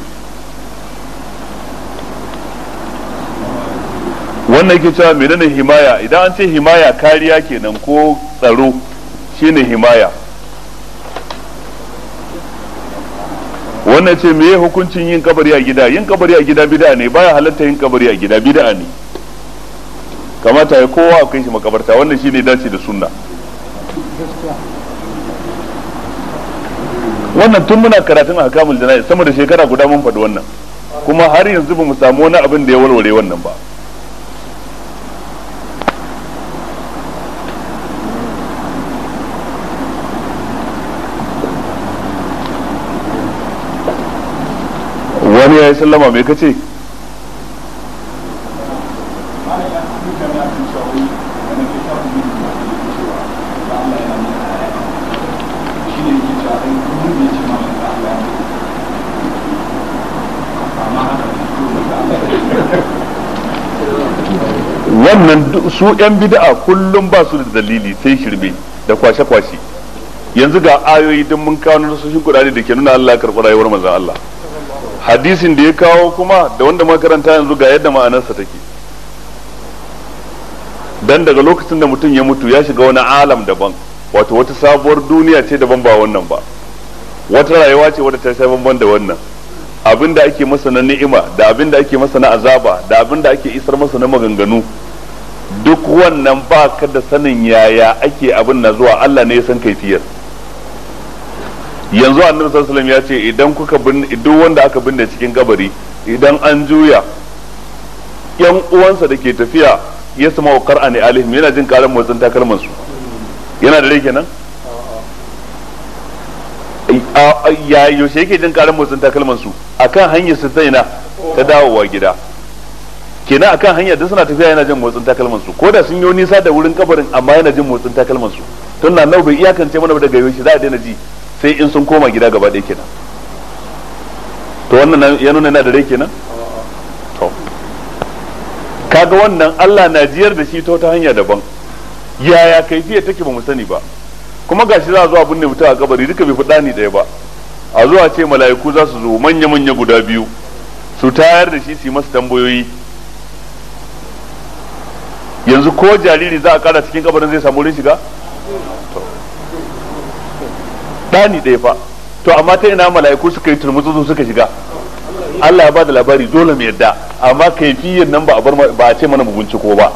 wannan yake cewa menene himaya idan an ce himaya kariya kenan ko tsaro shine himaya wannan ce me hukuncin yin kabari a gida yin kabari a gida bid'a ne baya halatta yin kabari a gida bid'a ne kamata ya kowa a kai shi makabarta wannan shine dace da sunna wannan tun muna karatun a hakamul jana'i sama da shekara guda mun faɗi wannan kuma har yanzu ba mu samu wani abin da ya walware wannan ba ya yi sallama mai kace wannan su 'yan bida'a kullum ba su da dalili sai shirme da kwashe-kwashe yanzu ga ayoyi don mun kawo na su shi kudade da ke nuna Allah karɓi rayuwar manzan Allah hadisin da ya kawo kuma da wanda makaranta yanzu ga yadda ma'anarsa take dan daga lokacin da mutum ya mutu ya shiga wani alam daban wato wata sabuwar duniya ce daban ba wannan ba wata rayuwa ce wadda ta sha bamban da wannan abin da ake masa na ni'ima da abin da ake masa na azaba da abin da ake isar masa na maganganu duk wannan ba kada sanin yaya ake abin na zuwa Allah ne ya san kaifiyar yanzu annabi sallallahu alaihi ya ce idan kuka bin duk wanda aka binne cikin kabari idan an juya yan uwansa da ke tafiya ya sama wa qur'ani alihim yana jin karan motsin takalman su yana da rai kenan ya yaushe yake jin karan motsin takalman su akan hanyar su zaina ta dawowa gida kenan akan hanya da suna tafiya yana jin motsin takalman su ko da sun yi nisa da wurin kabarin amma yana jin motsin takalman su tunda nau bai iyakance mana daga yaushe za a daina ji sai in sun koma gida gaba ɗaya kenan to wannan ya nuna yana da rai kenan to kaga wannan Allah na jiyar da shi ta wata hanya daban yaya kaifiya take ba mu sani ba kuma gashi za a zo abin da mutum a kabari duka bai fada ni ɗaya ba a zuwa ce mala'iku za su zo manya-manya guda biyu su tayar da shi su yi masa tambayoyi yanzu ko jariri za a kara cikin kabarin zai samu wurin shiga to dani ɗaya fa to amma ta ina mala'iku suka yi turmutsu suka shiga Allah ya bada labari dole mu yadda amma kaifiyar nan ba a bar ba a ce mana mu binciko ba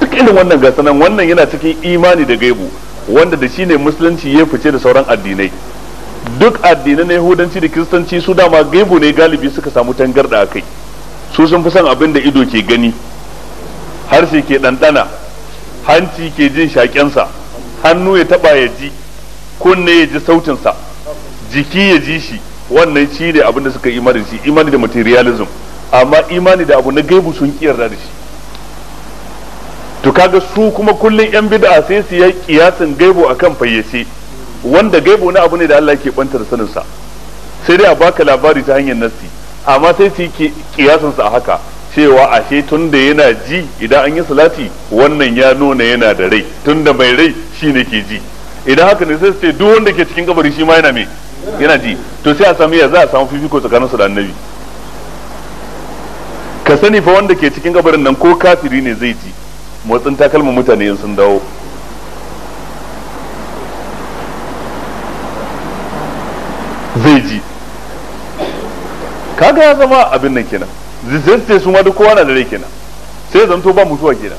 duk irin wannan gasa nan wannan yana cikin imani da gaibu wanda da shine musulunci ya fice da sauran addinai duk addinai na yahudanci da kiristanci su dama gaibu ne galibi suka samu tangarda a kai su sun fi son abin da ido ke gani harshe ke ɗanɗana hanci ke jin shaƙensa hannu ya taɓa ya ji kunne ya ji sautin sa jiki ya ji shi wannan shi ne abin da suka imani shi imani da materialism amma imani da abu na gaibu sun kiyarda da shi to kaga su kuma kullun yan bid'a sai su yi kiyasin gaibu akan fayyace wanda gaibu na abu ne da Allah yake banta da sanin sa sai dai a baka labari ta hanyar nassi amma sai su yi kiyasin sa haka cewa ashe tun da yana ji idan an yi salati wannan ya nuna yana da rai tun da mai rai shine ke ji idan haka ne sai su ce duk wanda ke cikin kabari shi ma yana me yana ji to sai a sami ya za a samu fifiko tsakanin su da annabi ka sani fa wanda ke cikin kabarin nan ko kafiri ne zai ji motsin takalmin mutane in sun dawo zai ji kaga ya zama abin nan kenan zai su ma duk kowa na da rai kenan sai zanto ba mutuwa kenan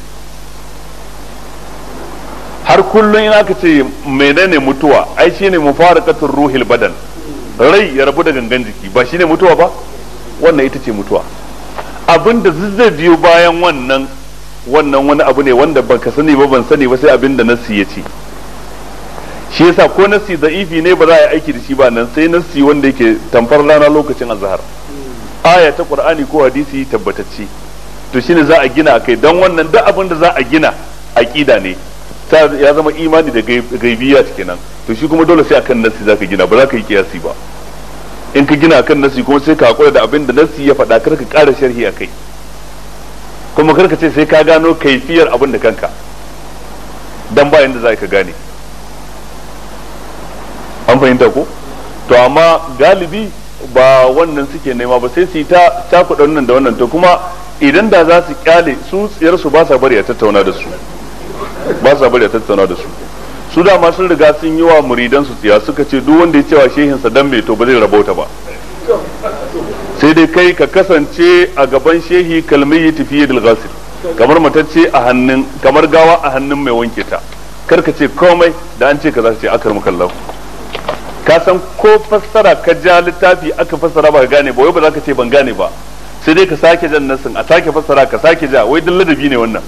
har kullum ina ka ce menene mutuwa ai shine mufaraqatul ruhil badan rai ya rabu da gangan jiki ba shine mutuwa ba wannan ita ce mutuwa abin da zai biyo bayan wannan wannan wani abu ne wanda ban ka sani ba ban sani ba sai abin da nasi ya ce shi yasa ko nasi da'ifi ne ba za a yi aiki da shi ba nan sai nasi wanda yake tamfar rana lokacin azhar aya ta qur'ani ko hadisi tabbatacce to shine za a gina akai dan wannan duk abin da za a gina aqida ne ya zama imani da gaibiya kenan to shi kuma dole sai akan nasi zaka gina ba za ka yi kiyasi ba in ka gina akan nasi kuma sai ka hakura da abin da nasi ya faɗa kar ka ƙara sharhi a kai kuma kar ka ce sai ka gano kaifiyar abin da kanka dan ba yanda za ka gane an fahimta ko to amma galibi ba wannan suke nema ba sai su yi ta cakuɗa wannan da wannan to kuma idan da za su kyale su tsiyar su ba sa bari a tattauna da su ba sa bari a tattauna da su su dama sun riga sun yi wa muridan su tsiya suka ce duk wanda ya cewa shehin sa dan to ba zai rabota ba sai dai kai ka kasance a gaban shehi kalmi tafiye da ghasir kamar matacce a hannun kamar gawa a hannun mai wanke ta kar ka ce komai da an ce ka za ce akar mukallau ka san ko fassara ka ja littafi aka fassara ba ka gane ba wai ba za ka ce ban gane ba sai dai ka sake jan nasin a sake fassara ka sake ja wai duk ladabi ne wannan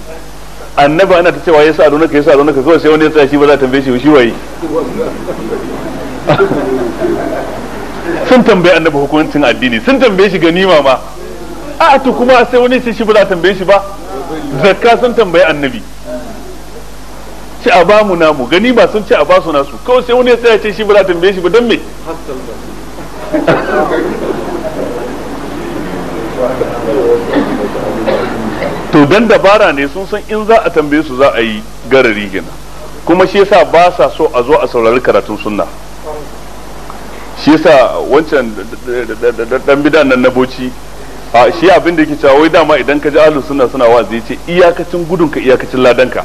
annaba ana ta cewa ya sa ka ya sa ka kawai sai wani ya tsaya shi ba za a tambaye shi shi waye sun tambaye annabi hukuncin addini sun tambaye shi ganima ma a to kuma sai wani sai shi ba za a tambaye shi ba zakka sun tambaye annabi ci a ba mu namu gani ba sun ci a ba su nasu kawai sai wani ya tsaya ce shi ba za a tambaye shi ba don me to dan dabara ne sun san in za a tambaye su za a yi garari gina kuma shi yasa ba sa so a zo a saurari karatun sunna shi yasa wancan dan bidan nan na boci a shi abin da yake cewa wai dama idan ka ji ahlus sunna suna zai ce iyakacin gudun ka iyakacin ladanka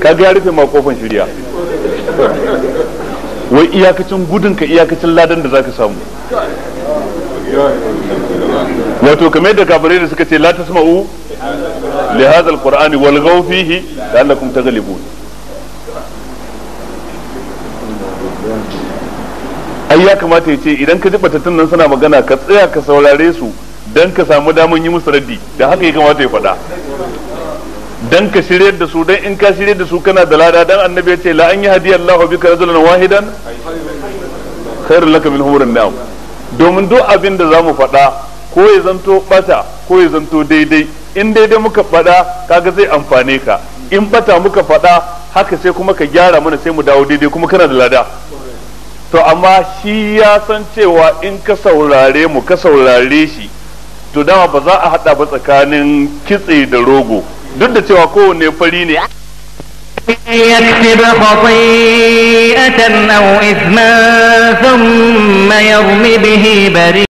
ka ga ya rufe ma kofan shirya wai iyakacin gudun ka iyakacin ladan da zaka samu wato kamar da kafirai da suka ce la tasma'u li hadha alquran walghaw fihi la'allakum ai ya kamata ya ce idan ka ji batattun nan suna magana ka tsaya ka saurare su dan ka samu daman yi musu raddi da haka ya kamata ya faɗa dan ka shirye da su don in ka shirye da su kana da lada dan annabi ya ce la an yahdi Allahu bika rajulan wahidan khairul laka min humurin na'am domin duk abin da zamu faɗa ko ya zanto bata ko ya zanto daidai in daidai muka faɗa kaga zai amfane ka in bata muka faɗa haka sai kuma ka gyara mana sai mu dawo daidai kuma kana da lada to amma shi ya san cewa in ka saurare mu ka saurare shi to dama ba za a hada ba tsakanin kitse da rogo duk da cewa kowanne fari ne يكسب خطيئة أو إثما ثم به بريئا